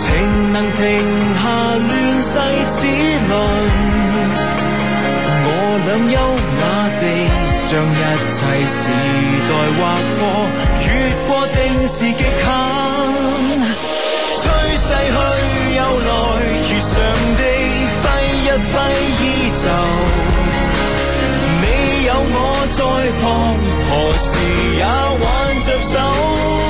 情能停下亂世之輪，我倆優雅地將一切時代劃過，越過定時極近。趨勢去又來，如上帝揮一揮衣袖，你有我在旁，何時也挽着手。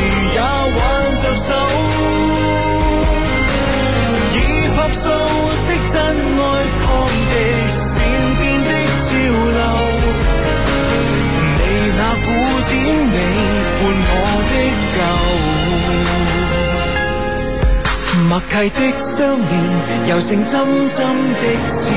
時也挽着手，以樸素的真愛抗敵善變的潮流。你那古典美伴我的舊，默契的雙面，柔成針針的刺繡。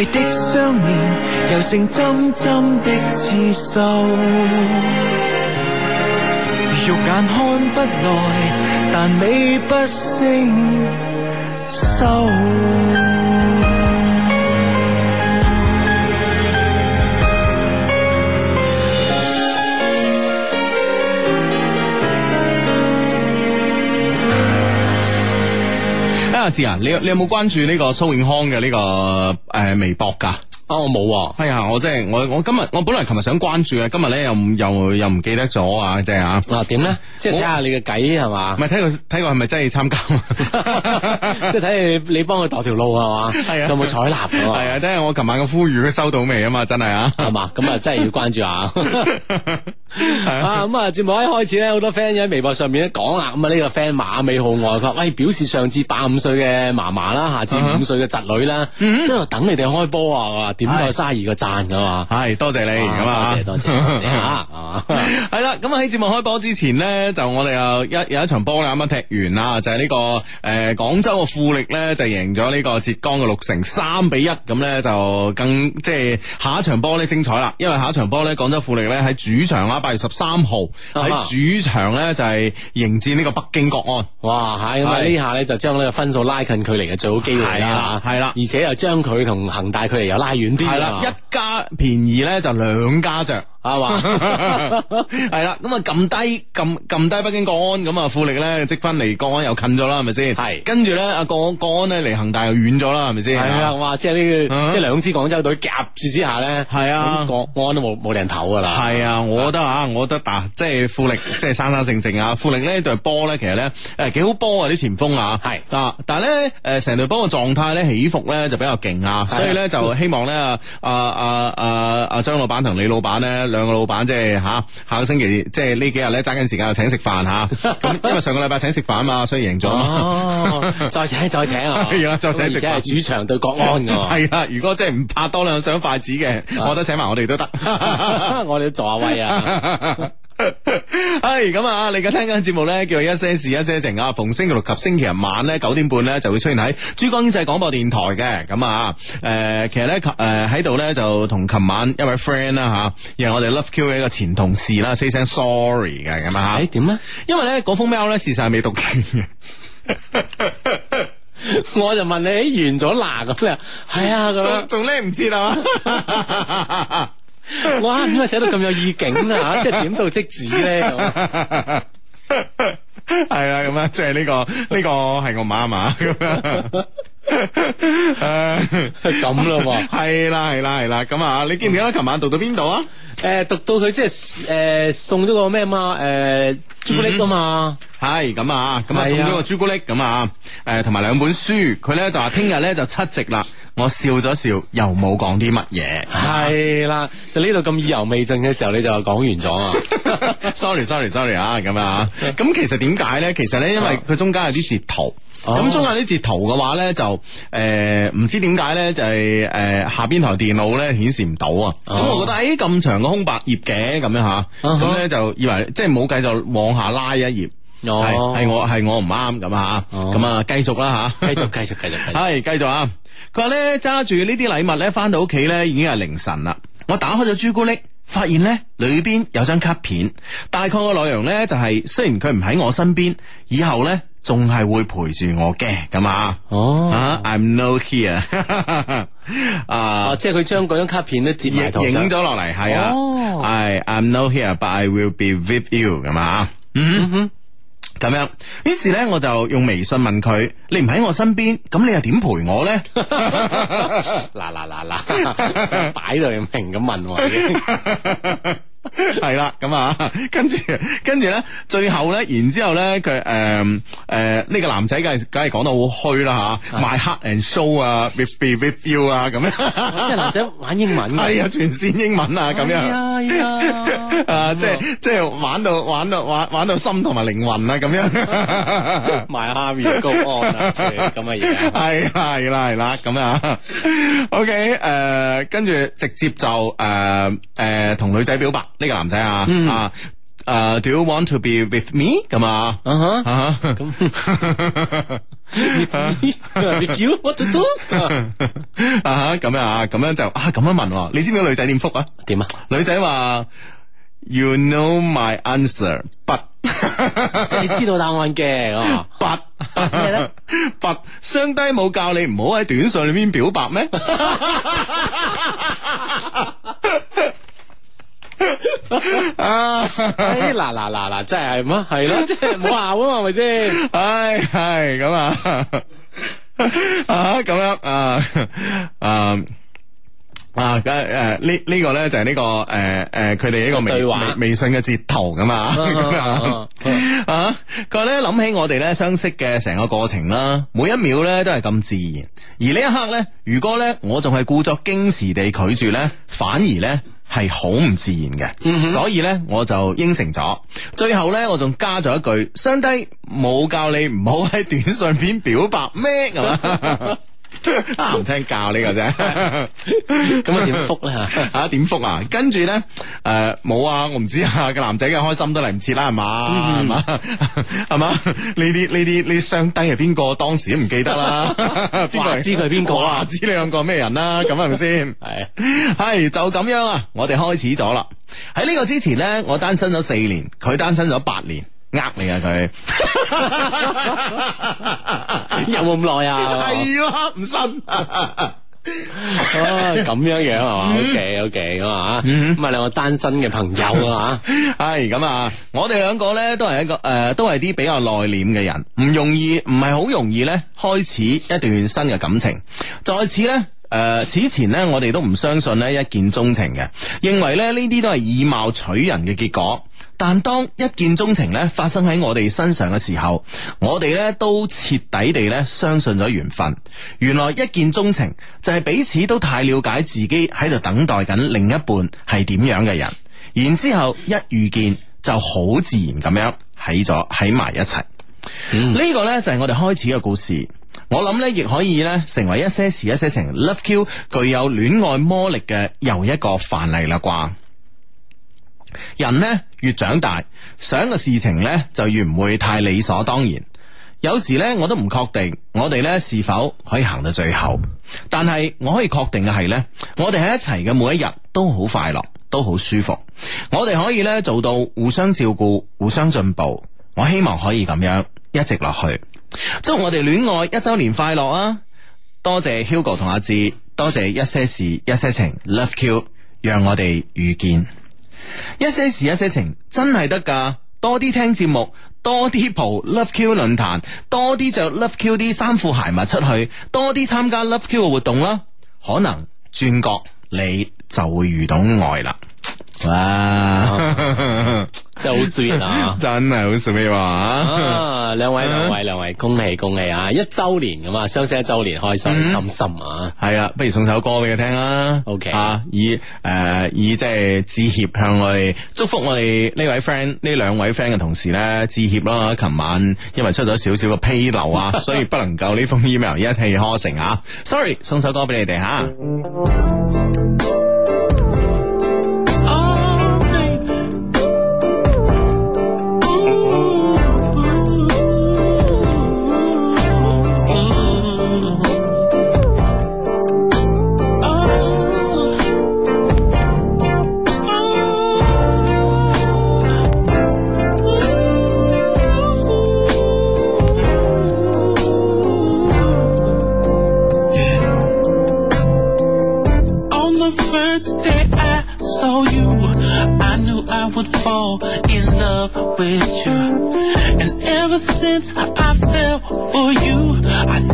你的雙面，又成針針的刺繡，肉眼看不來，但美不勝收。阿志啊，你你有冇關注呢個蘇永康嘅呢個？誒微博㗎。哎我冇，係、哦、啊、哎，我真係我我今日我本來琴日想關注嘅，今日咧又又又唔記得咗啊，即係啊，嗱、啊，點咧？即係睇下、嗯、你嘅計係嘛？唔係睇個睇個係咪真係參加？即係睇你你幫佢度條路係嘛？係啊， 有冇採納？係、嗯、啊，睇下我琴晚嘅呼籲都收到未啊嘛？真係啊，係嘛？咁啊，真係要關注下 啊！啊咁啊，節目一開始咧，好多 friend 喺微博上面咧講啦，咁啊呢個 friend 馬尾號外佢，喂、哎哎，表示上至八五歲嘅嫲嫲啦，下至五歲嘅侄女啦，都度、嗯嗯、等你哋開波啊！點個三二個讚噶嘛？係多謝你咁啊！多謝多謝啊！係啦，咁喺節目開播之前呢，就我哋又一有一場波咧，啱啱踢完啦，就係呢個誒廣州嘅富力呢，就贏咗呢個浙江嘅綠城三比一，咁呢，就更即係下一場波呢精彩啦！因為下一場波呢，廣州富力呢喺主場啦，八月十三號喺主場呢就係迎戰呢個北京國安，哇！係咁啊，呢下呢，就將呢個分數拉近距離嘅最好機會啦，係啦，而且又將佢同恒大距離又拉遠。係啦，一家便宜咧，就兩家着。係嘛，係啦，咁啊撳低，撳撳低北京國安，咁啊富力咧，積分離國安又近咗啦，係咪先？係，跟住咧，阿國國安咧，離恒大又遠咗啦，係咪先？係啦，哇！即係呢，即係兩支廣州隊夾住之下咧，係啊，國安都冇冇人投噶啦。係啊，我覺得啊，我覺得啊，即係富力，即係生生性性啊，富力咧對波咧，其實咧，誒，幾好波啊，啲前鋒啊，係啊，但係咧，誒，成隊波嘅狀態咧起伏咧就比較勁啊，所以咧就希望咧，阿阿阿阿張老闆同李老闆咧。兩個老闆即係嚇，下個星期即係呢幾日咧，爭緊時間就請食飯嚇。咁因為上個禮拜請食飯啊嘛，所以贏咗。哦， 再請再請啊！係啊， 再請食飯。而且係主場對國安㗎。係 啊，如果即係唔怕多兩雙筷子嘅， 我覺得請埋我哋都得。 我哋都助下威啊。 係咁、 哎、啊！你而家聽緊節目咧，叫一些事一些情啊。逢星期六及星期日晚咧九點半咧，就會出現喺珠江經濟廣播電台嘅。咁啊，誒、呃，其實咧，誒喺度咧就同琴晚一位 friend 啦吓，然、啊、後我哋 LoveQ 嘅一個前同事啦，say 聲 sorry 嘅咁啊。誒，點咧、啊？因為咧嗰封 mail 咧，事實係未讀完嘅。 我就問你，完咗嗱，咁啊？係啊，仲仲咩唔知道？ 哇！點解寫到咁有意境啊， 即係點到即止咧，係啦，咁樣，即係呢個呢個係我媽媽，咁樣。咁、 啊、 吧 啦，係啦，係啦，係啦，咁啊，你記唔記得琴晚讀到邊度啊？誒，讀到佢即係誒送咗個咩嘛？誒，朱古力噶嘛？係咁啊，咁啊送咗個朱古力咁啊，誒，同埋兩本書。佢咧就話聽日咧就七夕啦。我笑咗笑，又冇講啲乜嘢。係啦，就呢度咁意猶未盡嘅時候，你就講完咗啊？Sorry，Sorry，Sorry 啊，咁啊，咁其實點解咧？其實咧，因為佢中間有啲截圖。咁中下呢截圖嘅話咧，就誒唔知點解咧，就係誒下邊台電腦咧顯示唔到啊！咁我覺得誒咁長個空白頁嘅咁樣吓，咁咧就以為即係冇計就往下拉一頁，係係我係我唔啱咁啊吓，咁啊繼續啦吓，繼續繼續繼續，係繼續啊！佢話咧揸住呢啲禮物咧，翻到屋企咧已經係凌晨啦。我打開咗朱古力，發現咧裏邊有張卡片，大概個內容咧就係雖然佢唔喺我身邊，以後咧。仲係會陪住我嘅，咁啊哦、uh,，I'm 啊 no here、 uh, 啊，即係佢將嗰張卡片咧，接影咗落嚟，係、哦、啊，I'm no here，but I will be with you，咁啊，嗯哼，咁樣，於是咧，我就用微信問佢，你唔喺我身邊，咁你又點陪我咧？嗱嗱嗱嗱，擺到明咁問。 係 啦，咁啊，跟住，跟住咧，最後咧，然之後咧，佢誒誒，呢個男仔梗係梗係講得好虛啦吓，My heart and soul 啊，Be with you 啊，咁樣，即係男仔玩英文、啊，係啊， 全線英文啊，咁樣、哎，係啊，依家 即係即係玩到玩到玩玩到心同埋靈魂啊，咁樣，My heart will go on 啊，之類咁嘅嘢，係係啦係啦，咁啊，OK，誒，跟住直接就誒誒同女仔表白。呢個男仔啊啊誒，Do you want to be with me？咁啊，嗯哼，咁哈哈哈哈哈，with you what to do？啊哈，咁樣啊，咁樣就啊咁樣問，你知唔知個女仔點覆啊？點啊？女仔話，You know my answer，but，即係你知道答案嘅哦，but，but 咩咧？but，上帝冇教你唔好喺短信裏面表白咩？唉，嗱嗱嗱嗱，真係咩？係咯，即係冇效啊嘛，係咪先？唉，係咁 啊,啊，啊咁、啊啊、樣啊，啊啊！誒、啊，呢呢、呢個咧就係呢個誒誒，佢哋呢個微個微信嘅截圖噶嘛，咁、嗯、啊啊！佢咧諗起我哋咧相識嘅成個過程啦，每一秒咧都係咁自然，而呢一刻咧，如果咧我仲係故作矜持地拒絕咧，反而咧。係好唔自然嘅，嗯、哼所以呢，我就應承咗。最後呢，我仲加咗一句：相低， 冇教你唔好喺短信片表白咩？ 唔、 啊、聽教 呢個啫，咁啊點覆咧吓？吓，點覆啊？跟住咧，誒、啊、冇啊，我唔知啊。個男仔嘅開心都嚟唔切啦，係嘛係嘛係嘛？呢啲呢啲呢相低係邊個？當時都唔記得啦。邊個 誰知佢係邊個啊？ 知你兩個咩人啦、啊？咁係咪先？ 係係就咁樣啊！我哋開始咗啦。喺呢個之前咧，我單身咗四年，佢單身咗八年。呃你啊佢 有冇咁耐啊係咯，唔信咁樣樣係嘛 ok ok 咁啊咁 啊， hey, 啊兩個單身嘅朋友啊吓係咁啊，我哋兩個咧都係一個誒、呃、都係啲比較內斂嘅人，唔容易，唔係好容易咧開始一段新嘅感情，在此咧誒、呃、此前咧我哋都唔相信咧一見鍾情嘅，認為咧呢啲都係以貌取人嘅結果。但當一見鍾情咧發生喺我哋身上嘅時候，我哋咧都徹底地咧相信咗緣分。原來一見鍾情就係彼此都太了解自己喺度等待緊另一半係點樣嘅人，然之後一遇見就好自然咁樣喺咗喺埋一齊。呢、嗯、個呢，就係我哋開始嘅故事。我諗呢亦可以咧成為一些事一些情 Love Q 具有戀愛魔力嘅又一個範例啦啩。人呢越長大，想嘅事情呢就越唔會太理所當然。有時呢，我都唔確定我哋呢是否可以行到最後。但係我可以確定嘅係呢，我哋喺一齊嘅每一日都好快樂，都好舒服。我哋可以呢做到互相照顧、互相進步。我希望可以咁樣一直落去。祝我哋戀愛一周年快樂啊！多謝 Hugo 同阿志，多謝一些事、一些情，LoveQ，讓我哋遇見。一些事一些情真係得噶，多啲聽節目，多啲蒲 Love Q 論壇，多啲着 Love Q 啲衫褲鞋襪出去，多啲參加 Love Q 嘅活動啦，可能轉角你就會遇到愛啦。哇！真係好 sweet 啊！真係好 sweet 啊！兩、 啊啊、位兩位兩 位，位，恭喜恭喜啊！一周年噶嘛，相識一周年，開心心心、嗯、啊！係啊，不如送首歌俾佢聽啦。OK，啊，以誒、呃、以即係致歉向我哋祝福我哋呢位 friend 呢兩位 friend 嘅同事咧致歉啦。琴晚因為出咗少少嘅紕漏啊， 所以不能夠呢封 email 一氣呵成啊。Sorry，送首歌俾你哋吓。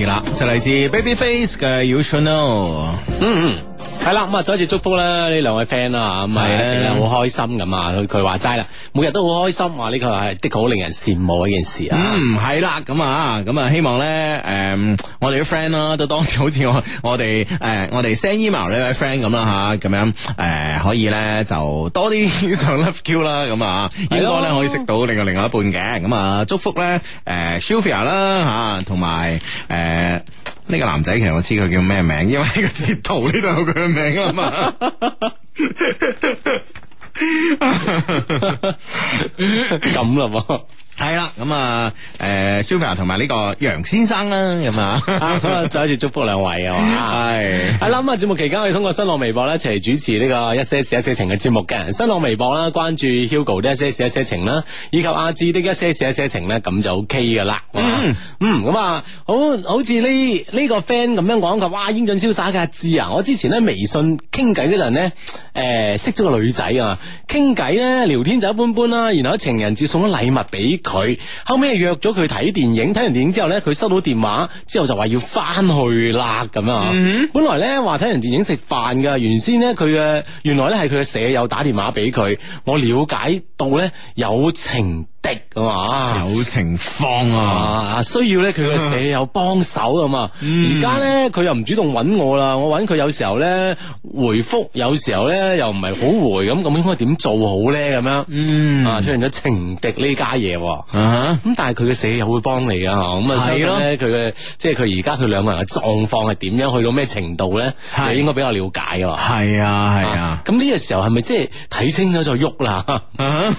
啦，就嚟自 Baby Face 嘅 You Should Know，嗯嗯，係、嗯、啦，咁啊再一次祝福咧呢兩位 friend 啦吓，係咧好開心咁啊，佢佢話齋啦，每日都好開心，話呢個係的確好令人羨慕一件事，嗯、啊，嗯，係啦，咁啊，咁啊，希望咧誒，呃，我哋啲 friend 啦，都當好似我我哋誒、呃、我哋 send email 呢位 friend 咁啦吓，咁樣誒、啊啊呃、可以咧就多啲上 love Q 啦，咁啊，應該咧了可以識到另外另外一半嘅，咁啊祝福咧。呃 Sophia 啦吓同埋誒呢個男仔，其實我知佢叫咩名，因為呢個截圖呢度有佢嘅名啊嘛，咁啦喎。咁、呃、 啊，誒 Super 同埋呢個楊先生啦，咁啊，再一次祝福兩位啊。嘛，係。係啦，咁啊，節目期間可以通過新浪微博咧，一齊主持呢個一些事一些情嘅節目嘅。新浪微博啦，關注 Hugo 的一些事一些情啦，以及阿志的一些事一些情咧，咁就 OK 噶啦。嗯嗯。咁、嗯、啊，好，好似呢呢個 friend 咁樣講嘅，哇，英俊瀟灑嘅阿志啊，我之前咧微信傾偈嗰陣咧，誒，識咗個女仔啊。嗯傾偈咧，聊天就一般般啦。然後情人節送咗禮物俾佢，後尾約咗佢睇電影。睇完電影之後咧，佢收到電話之後就話要翻去啦咁啊。Mm hmm. 本來咧話睇完電影食飯噶，原先咧佢嘅原來咧係佢嘅舍友打電話俾佢。我了解到咧有情敵啊嘛，有情況啊，啊啊需要咧佢嘅舍友幫手啊嘛。而家咧佢又唔主動揾我啦，我揾佢有時候咧回覆，有時候咧又唔係好回咁，咁應該點？做好咧咁樣，啊出現咗情敵呢家嘢，咁、啊、哈但係佢嘅社又會幫你啊。嚇、嗯，咁啊所以佢嘅即係佢而家佢兩個人嘅狀況係點樣，去到咩程度咧，你的應該比較了解喎。係啊，係啊，咁呢個時候係咪、啊、哈 即係睇清楚就喐啦？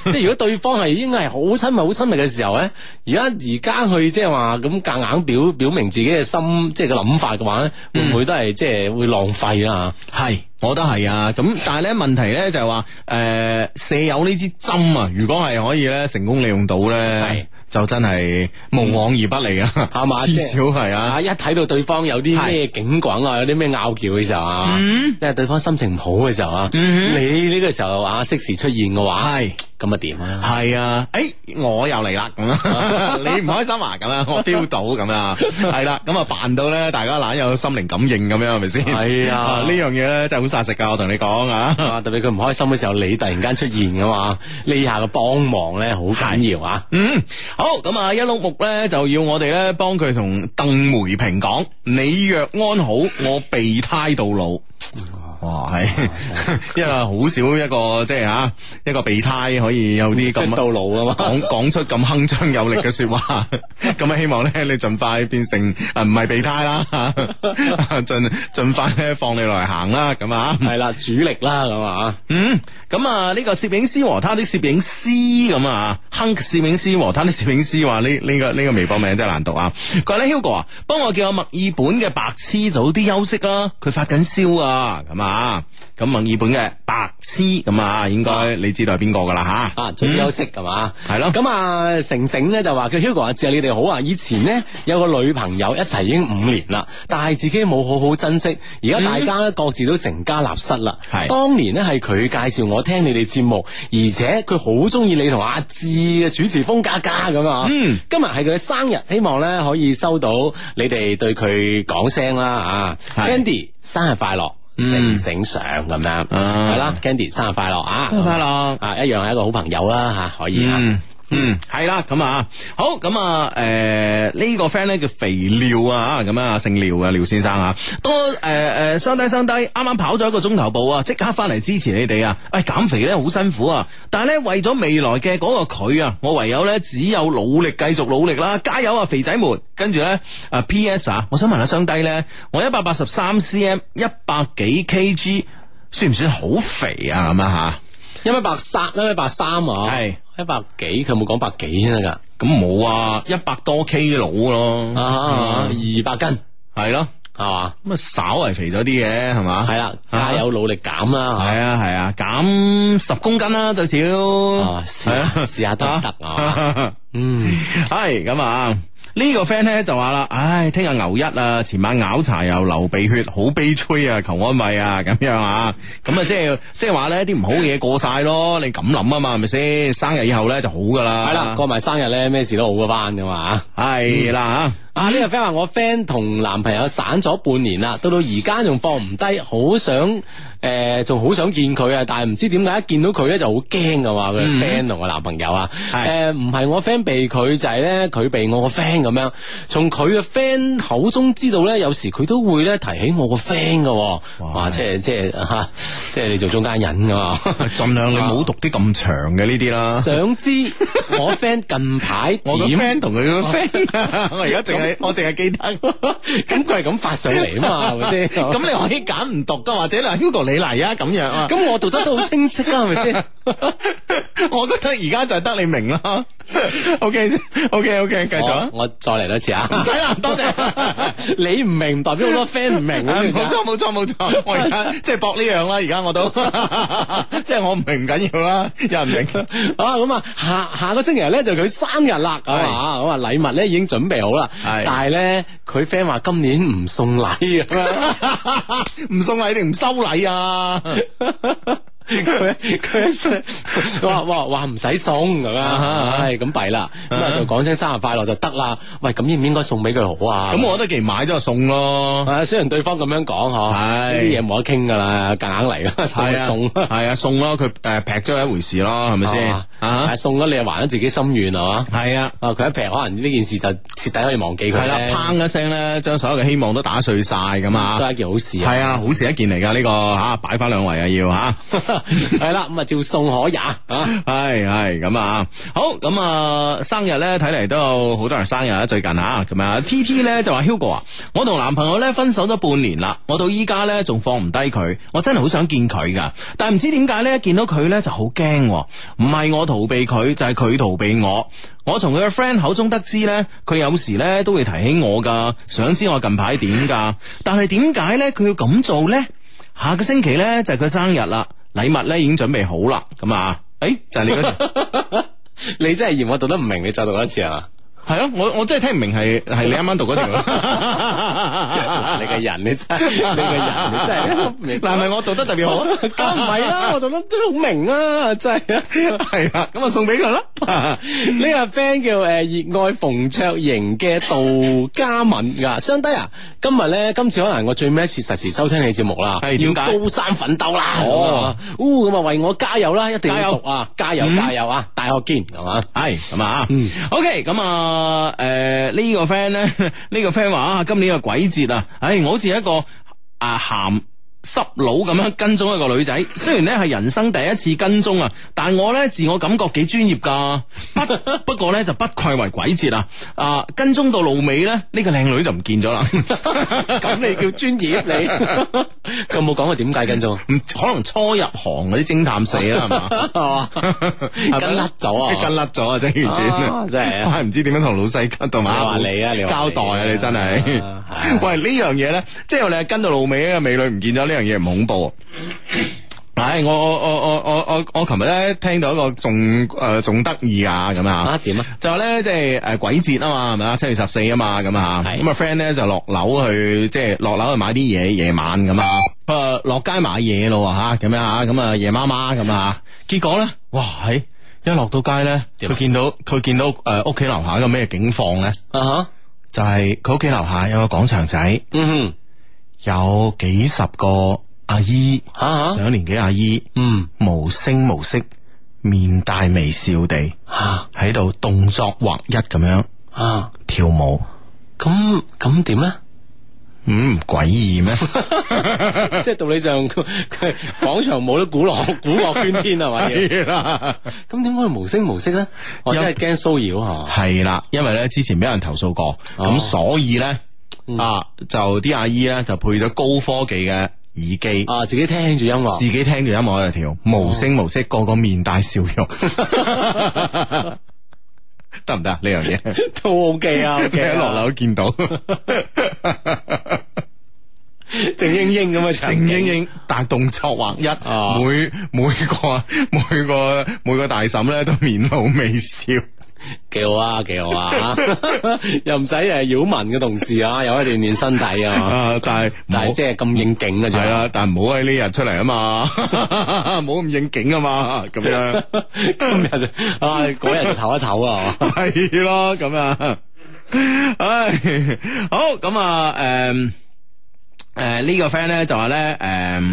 即係如果對方係應該係好親密、好親密嘅時候咧，而家而家去即係話咁夾硬表表明自己嘅心，即係個諗法嘅話咧，會唔會都係即係會浪費啊？係。我都係啊，咁但係咧問題咧就係話，誒、呃，舍友呢支針啊，如果係可以咧成功利用到咧。係。就真係無往而不利啊，係嘛，至少係啊！一睇到對方有啲咩景滾啊，有啲咩拗撬嘅時候啊，即係對方心情唔好嘅時候啊，你呢個時候啊，適時出現嘅話，係咁啊點啊？係啊！誒，我又嚟啦，咁你唔開心啊，咁啦，我丟到咁啊，係啦，咁啊扮到咧，大家懶有心靈感應咁樣係咪先？係啊，呢樣嘢咧真係好殺食噶，我同你講啊，特別佢唔開心嘅時候，你突然間出現噶嘛，呢下嘅幫忙咧好緊要啊！嗯。好，咁啊，一碌木咧就要我哋咧幫佢同鄧梅平講，你若安好，我備胎到老。哇，係，因為好少一個即係吓一個備胎可以有啲咁嘅道路啊嘛，講講 出咁鏗鏘有力嘅說話，咁啊 希望咧你盡快變成誒唔係備胎啦，盡盡 快咧放你落嚟行啦，咁啊，係啦主力啦，咁、嗯、啊，嗯，咁啊呢個攝影師和他的攝影師咁啊，亨攝 H 影師和他的攝影師話呢呢個呢、這個微博名真係難讀啊，佢話咧 Hugo 啊，幫我叫阿墨爾本嘅白痴早啲休息啦，佢發緊燒啊，咁啊。啊，咁文爾本嘅白痴咁啊，應該你知道係邊個噶啦吓？啊，注意休息係嘛？係咯。咁啊，成成咧就話佢 Hugo 阿志啊，你哋好啊。以前呢，有個女朋友一齊已經五年啦，但係自己冇好好珍惜。而家大家咧各自都成家立室啦。係、嗯、當年呢，係佢介紹我聽你哋節目，而且佢好中意你同阿志嘅主持風格加咁啊。嗯，今日係佢嘅生日，希望咧可以收到你哋對佢講聲啦。啊，Candy 是生日快樂！醒醒相咁樣，係啦，Candy 生日快樂啊！生日快樂啊！一樣係一個好朋友啦吓、啊，可以啊。嗯嗯，係啦，咁啊，好，咁啊，誒、呃，呢、這個 friend 咧叫肥廖啊，咁啊，姓廖啊，廖先生啊，多誒誒，雙、呃、低雙低，啱啱跑咗一個鐘頭步啊，即刻翻嚟支持你哋啊，喂、哎，減肥咧好辛苦啊，但係咧為咗未來嘅嗰個佢啊，我唯有咧只有努力繼續努力啦，加油啊，肥仔們，跟住咧，誒、啊，P.S. 啊，我想問下雙低咧，我一百八十三 cm，一百幾 kg，算唔算好肥啊？咁啊吓？一百八三，一百八三啊，係、啊。一百幾，佢有冇講百幾先得噶，咁冇啊，一百多 K 佬咯，啊，二百、嗯、斤，係咯、啊，係嘛吧，咁啊稍為肥咗啲嘅，係嘛，係啦，加油努力減啦，係啊係啊，減十、啊啊、公斤啦最少，係啊，試下得唔得啊？嗯，係咁啊。呢個 friend 咧就話啦，唉，聽日牛一啊，前晚拗柴又流鼻血，好悲催啊，求安慰啊，咁樣啊，咁 啊 即係即係話咧，啲唔好嘢過晒咯，你咁諗啊嘛，係咪先？生日以後咧就好噶啦，係啦，過埋生日咧咩事都好翻噶嘛，係啦吓。呢、啊這個 friend 話我 friend 同男朋友散咗半年啦，到到而家仲放唔低，好想。誒，仲、呃、好想見佢啊！但係唔知點解一見到佢咧就好驚噶嘛？佢 friend 同我男朋友啊，誒、嗯，唔係、呃、我 friend 避佢，就係咧佢避我個 friend 咁樣。從佢嘅 friend 口中知道咧，有時佢都會咧提起我個 friend 嘅，S 3 |startoftranscript| 哇！即係即係吓，即係你做中間人噶嘛？盡量你冇讀啲咁長嘅呢啲啦。 想知我 friend 近排點？我 friend 同佢個 friend，我而家淨係我淨係記得呵呵。咁佢係咁發上嚟啊嘛，係咪先？咁你可以揀唔讀噶，或者嗱，Hugo 你嚟啊，咁樣啊，咁 我讀得都好清晰啊，係咪先？ 我覺得而家就係得你明啦。O K，O K，O K，繼續我，我再嚟多次啊！唔使啦，多謝。 你唔明，唔代表好多 friend 唔明。會會啊，冇錯，冇錯，冇錯。我而家 即係搏呢樣啦。而家我都 即係我唔明唔緊要啦，又唔明啊？咁 啊、嗯，下下個星期咧就佢生日啦，吓咁是啊禮物咧已經準備好啦。是但係咧佢 friend 話今年唔送禮 啊，唔送禮定唔收禮啊？佢佢話話話唔使送咁啊、uh，係咁弊啦，咁啊就講聲生日快樂就得啦。喂，咁應唔應該送俾佢好啊？咁我覺得既然買咗就送咯啊，啊雖然對方咁樣講嗬，係啲嘢冇得傾噶啦，夾硬嚟咯， 送係一送 啊，啊，送咯，佢誒、呃、劈咗係一回事咯，係咪先啊？Uh huh、送咗你又還咗自己心願係嘛？係啊，佢是、啊啊、一劈可能呢件事就徹底可以忘記佢咧，砰、啊、一聲咧，將所有嘅希望都打碎晒咁啊，都係一件好事係啊，啊，好事一件嚟噶呢個吓，擺翻兩圍啊要吓。啊係 啦，咁啊，叫宋可也。啊，係係咁啊，好咁啊，生日呢，睇嚟，都有好多人生日啊。最近啊，咁啊，T T 呢，就話 Hugo 啊，我同男朋友呢分手咗半年啦，我到依家呢，仲放唔低佢，我真係好想見佢噶，但係唔知點解呢，見到佢呢就好驚，唔係我逃避佢就係、是、佢逃避我。我從佢嘅 friend 口中得知呢，佢有時呢都會提起我噶，想知我近排點噶，但係點解呢？佢要咁做呢？下個星期呢，就係佢生日啦。禮物咧已經準備好啦，咁啊，誒，就係你嗰度，你真係嫌我讀得唔明，你再讀一次啊。係咯、啊，我我真係聽唔明，係係你啱啱讀嗰條啦。你嘅人你真，你嘅人你真係。嗱係咪我讀得特別好？梗唔係啦，我讀得都好明啦、啊，真係啊。係啊，咁啊送俾佢啦。呢、這個 friend 叫誒熱愛馮卓瑩嘅杜嘉文噶，相低啊。今日咧今次可能我最尾一次實時收聽你節目啦，係要高山奮鬥啦。好、哦！咁啊、哦，嗯、就為我加油啦，一定要讀啊油，加油加油、嗯、啊，大學見係嘛，係咁啊。OK 咁啊。嗯 okay，啊啊啊啊！誒、呃，這個、呢、這個 friend 咧，呢個 friend 話啊，今年嘅鬼節啊，唉、哎，我好似一個啊咸。濕佬咁樣跟蹤一個女仔，雖然咧係人生第一次跟蹤啊，但係我咧自我感覺幾專業噶。不過咧就不愧為鬼節啦，啊，跟蹤到路尾咧，呢個靚女就唔見咗啦。咁你叫專業你？佢冇講過點解跟蹤？可能初入行嗰啲偵探死啊，係嘛？跟甩咗啊！跟甩咗啊！真係完全啊！真係，但唔知點樣同老細跟到埋你阿古交代啊！你真係。喂，呢樣嘢咧，即係我哋係跟到路尾，啊，美女唔見咗呢樣嘢唔恐怖，唉、哎！我我我我我我我琴日咧聽到一個仲誒仲得意啊咁啊，點啊？就話咧即係誒鬼節啊嘛，係咪啊？七月十四啊嘛，咁啊，咁啊 friend 咧就落樓去，即係落樓去買啲嘢，夜晚咁啊，不過落街買嘢咯吓，咁樣啊，咁啊夜媽媽咁啊，結果咧，哇喺、哎、一落到街咧，佢見到佢見到誒屋企樓下一個咩景況咧？啊吓、uh，huh. 就係佢屋企樓下有個廣場仔。嗯哼、mm。Hmm. 有幾十個阿姨，啊、上年紀阿姨，嗯，無聲無息，面帶微笑地，喺度、啊、動作劃一咁樣啊跳舞，咁咁點咧？呢嗯，詭異咩？ 即係道理上廣場舞都鼓樂鼓樂喧天係嘛？係啦，咁點解佢無聲無息咧？我真係驚騷擾啊！係啦、嗯，因為咧之前俾人投訴過，咁、哦、所以咧。嗯、啊！就啲阿姨咧就配咗高科技嘅耳機，啊自己聽住音樂，自己聽住音樂喺度跳，無聲無息，個個面帶笑容，得唔得？呢樣嘢都 OK 啊！企喺落樓見到，靜 英英咁啊，靜英英，但動作劃一啊！每每個每個每個大嬸咧都面露微笑。幾好啊，幾好啊，又唔使、誒擾民嘅同事啊，又可以鍛煉身體啊。但係但係即係咁應景嘅就係啦，但係唔好喺呢日出嚟啊嘛，冇咁應景啊嘛，咁樣今日唉，嗰日唞一唞啊，係咯，咁啊，唉，好，咁啊，誒，誒呢個 friend 咧就話咧，誒。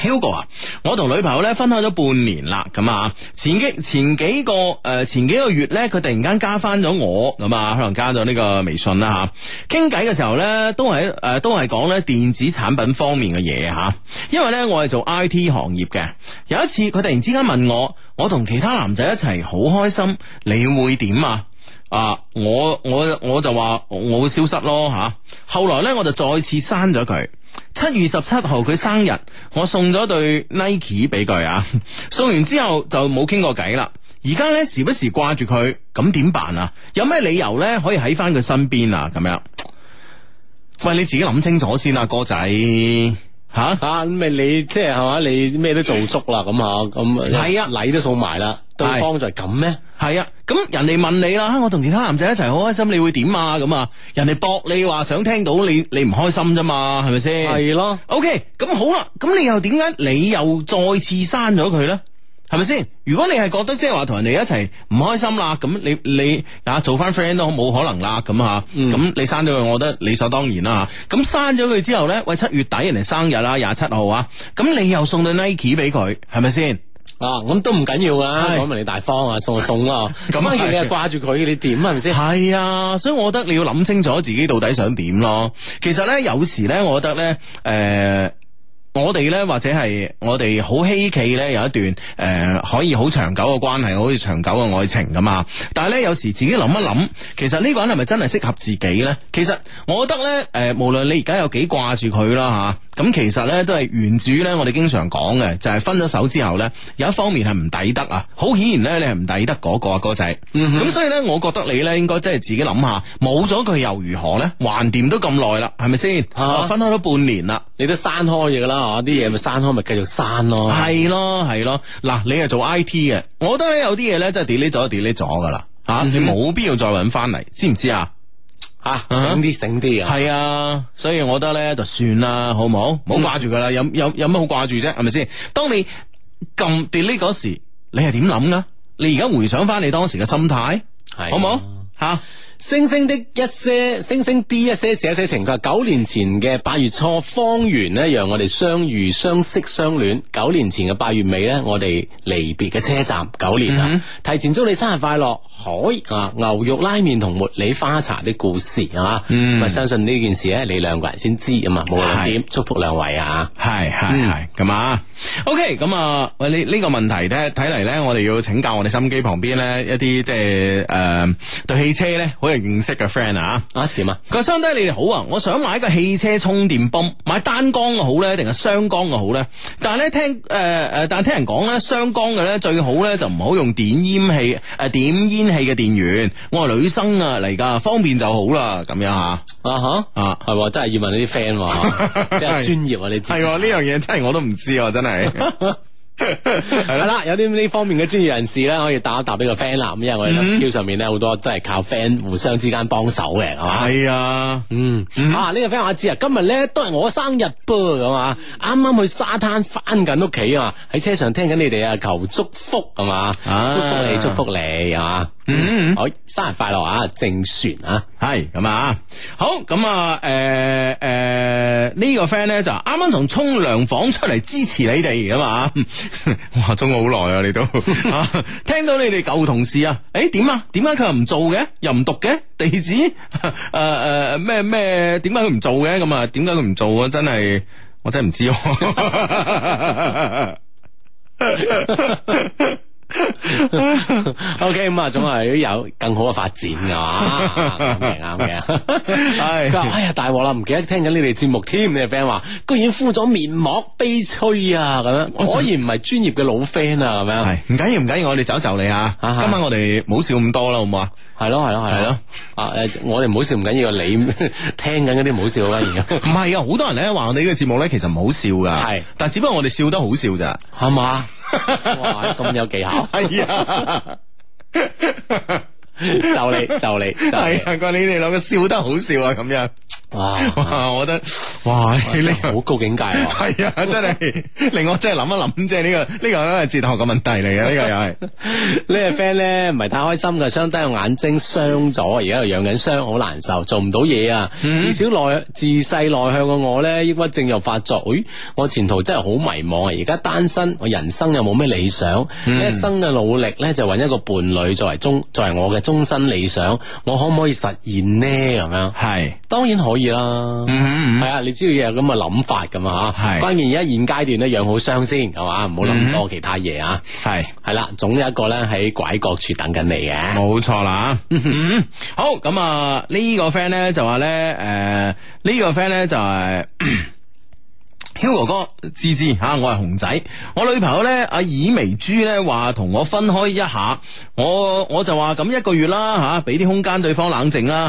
Hugo 啊，我同女朋友咧，分開咗半年啦，咁啊前幾前幾個誒、呃、前幾個月咧，佢突然間加翻咗我，咁啊可能加咗呢個微信啦吓，傾偈嘅時候咧都係誒、呃、都係講咧電子產品方面嘅嘢吓，因為咧我係做 IT 行業嘅，有一次佢突然之間問我，我同其他男仔一齊好開心，你會點啊？啊！我我我就話我會消失咯吓、啊，後來呢我就再次刪咗佢。七月十七號佢生日，我送咗對 Nike 俾佢啊，送完之後就冇傾過偈啦。而家呢，時不時掛住佢，咁點辦啊？有咩理由呢？可以喺翻佢身邊啊？咁樣喂，你自己諗清楚先啊，哥仔吓吓咪你即係係嘛？你咩、就是、都做足啦，咁吓咁禮都送埋啦，對方就係助咁咩？係啊，咁人哋問你啦，我同其他男仔一齊好開心，你會點啊？咁啊，人哋駁你話想聽到你，你唔開心啫嘛，係咪先？係咯的，OK，咁好啦，咁你又點解你又再次刪咗佢咧？係咪先？如果你係覺得即係話同人哋一齊唔開心啦，咁你你啊做翻 friend 都冇可能啦，咁啊，咁、嗯、你刪咗佢，我覺得理所當然啦吓。咁刪咗佢之後咧，喂七月底人哋生日啦，廿七號啊，咁你又送到 Nike 俾佢，係咪先？啊，咁都唔緊要噶，啊，我問唉你大方啊，送就送咯，啊。咁 你係掛住佢，你點？係咪先？係 啊，所以我覺得你要諗清楚自己到底想點咯。其實呢，有時呢，我覺得呢，誒、呃，我哋呢，或者係我哋好稀奇呢，有一段誒、呃、可以好長久嘅關係，好似長久嘅愛情噶嘛。但係呢，有時自己諗一諗，其實呢個人係咪真係適合自己呢？其實我覺得呢，誒、呃，無論你而家有幾掛住佢啦吓。啊咁其實咧都係源自咧，我哋經常講嘅就係、是、分咗手之後咧，有一方面係唔抵得啊！好顯然咧，你係唔抵得嗰個啊，哥仔。咁、嗯、哼所以咧，我覺得你咧應該真係自己諗下，冇咗佢又如何咧？橫掂都咁耐啦，係咪先？分開咗半年啦、啊，你都刪開嘢噶啦，啲嘢咪刪開咪繼續刪咯。係咯係咯，嗱，你係做 I T 嘅，我覺得咧有啲嘢咧真係 delete 咗 delete 咗噶啦，吓，啊嗯、哼你冇必要再搵翻嚟，知唔知啊？吓，省啲省啲啊！係啊，啊，所以我覺得咧就算啦，好唔好？唔好掛住佢啦，有有有乜好掛住啫，係咪先？當你撳 delete 嗰時，你係點諗啊？你而家回想翻你當時嘅心態，係、啊、好唔好？吓、啊。星星的一些，星星啲一些寫一寫情歌。九年前嘅八月初，方圓咧讓我哋相遇，相識、相戀。九年前嘅八月尾咧，我哋離別嘅車站。九年啊，嗯、提前祝你生日快樂。海啊，牛肉拉麵同茉莉花茶的故事啊，咁啊、嗯，相信呢件事咧，你兩個人先知啊嘛，無論點祝福兩位啊，係系系，咁啊、嗯。OK，咁啊，喂、呃、呢、這、呢個問題咧，睇嚟咧，我哋要請教我哋收音機旁邊咧一啲即係誒，對汽車咧認識嘅 friend 啊，啊點啊？佢、啊、相兄弟你哋好啊，我想買一個汽車充電泵，買單缸嘅好咧，定係雙缸嘅好咧？但係咧聽誒誒、呃，但係聽人講咧，雙缸嘅咧最好咧就唔好用電、呃、點煙器誒點煙器嘅電源。我係女生啊嚟噶，方便就好啦，咁樣吓啊吓啊係哈喎、啊，真係要問你啲 friend 喎， 比較專業啊你知。係呢樣嘢真係我都唔知，真係。 係啦，有啲呢方面嘅專業人士咧，可以打一答呢個 friend 啦。咁因為我哋 Q、A、上面咧，好多都係靠 friend 互相之間幫手嘅，係嘛？係啊，嗯，嗯啊呢、這個 friend 我知啊，今日咧都係我生日噃，咁啊，啱啱去沙灘翻緊屋企啊，喺車上聽緊你哋啊，求祝福係嘛？啊、祝福你，祝福你係好，嗯嗯、生日快樂啊，正船啊，係咁啊，好咁啊，誒誒呢個 friend 咧就啱啱從沖涼房出嚟支持你哋啊嘛～ 哇，中好耐啊！你都、啊、 聽到你哋舊同事啊？誒、欸，點啊？點解佢又唔做嘅？又唔讀嘅？地址誒誒咩咩？點解佢唔做嘅？咁啊？點解佢唔做？啊，啊真係我真係唔知。O K，咁啊，總係都有更好嘅發展啊嘛，啱嘅，啱 嘅。佢話哎呀，大鑊啦，唔記得聽緊你哋節目添。你哋 friend 話，居然敷咗面膜，悲催啊！咁樣果然唔係專業嘅老 friend 啊，咁樣係唔緊要，唔緊要，我哋走就你啊。今晚我哋唔好笑咁多啦，好唔好啊？係咯，係咯，係咯。啊，我哋唔好笑，唔緊要。你聽緊嗰啲唔好笑反而唔係啊，好多人咧話我哋呢個節目咧，其實唔好笑噶。係，但只不過我哋笑得好笑咋，係嘛的？哇！咁有技巧，係啊，就你就你，就係啊，怪你哋兩個笑得好笑啊，咁樣。哇，啊、我覺得哇呢個好高境界喎，係啊， 真係令我真係諗一諗，即係呢個呢、呢個都係哲學嘅問題嚟嘅， 個 呢個又係呢個 friend 咧，唔係太開心嘅，雙低個眼睛傷咗，而家又養緊傷，好難受，做唔到嘢啊。至少內自細內向嘅我咧，抑鬱症又發作，誒、哎，我前途真係好迷茫啊！而家單身，我人生又冇咩理想，嗯、一生嘅努力咧就揾一個伴侶作為終作為我嘅終身理想，我可唔可以實現呢？咁樣係，嗎當然可以。啦，係啊，你知要有咁嘅諗法㗎嘛，吓，關鍵而家現階段咧養好傷先，係嘛？唔好諗多其他嘢啊，係係啦，總有一個咧喺拐角處等緊你嘅，啊，冇錯啦，嗯嗯，好，咁，嗯，啊，呢個，呢，呢，呃呢個 friend 咧就話、是、咧，誒呢個 friend 咧就係。Hugo 哥，芝芝，吓、啊，我係熊仔，我女朋友咧，阿、啊、爾眉珠咧話同我分開一下，我我就話咁一個月啦吓，俾、啊、啲空間對方冷靜啦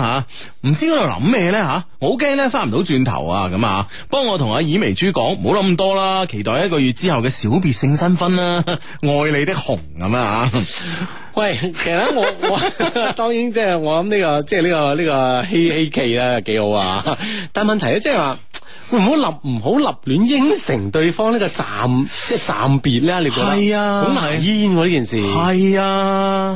吓，唔、啊、知喺度諗咩咧吓，我好驚咧翻唔到轉頭啊咁啊，幫我同阿爾眉珠講，唔好諗咁多啦，期待一個月之後嘅小別勝新婚啦，愛你的熊咁啊喂，其實我我 當然即、就、係、是、我諗呢個即係呢個呢個希希 K 咧幾好啊， 但問題咧即係話。唔好立唔好立亂應承對方呢個暫，即係暫別咧，你覺得係啊？好難煙喎呢件事。係啊，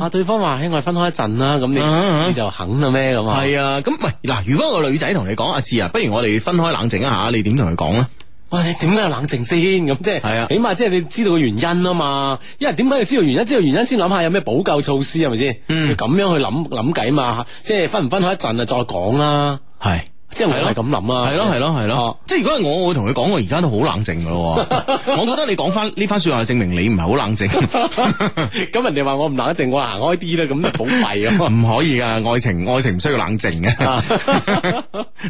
啊對方話，我哋分開一陣啦。咁你你就肯喇咩？咁啊？係啊。咁喂嗱，如果個女仔同你講阿志啊，不如我哋分開冷靜一下，你點同佢講咧？哇、啊！你點解要冷靜先？咁即係，係啊，起碼即係你知道個原因啊嘛。因為點解要知道原因？知道原因先諗下有咩補救措施係咪先？是是嗯，咁樣去諗諗計嘛。即係分唔分開一陣啊，再講啦。係。即係我係咁諗啊？係咯，係咯，係咯！即係如果係我，我會同佢講，我而家都好冷靜噶咯。我覺得你講翻呢番說話，就證明你唔係好冷靜。咁人哋話我唔冷靜，我行開啲啦，咁好廢啊唔可以噶，愛情愛情唔需要冷靜嘅，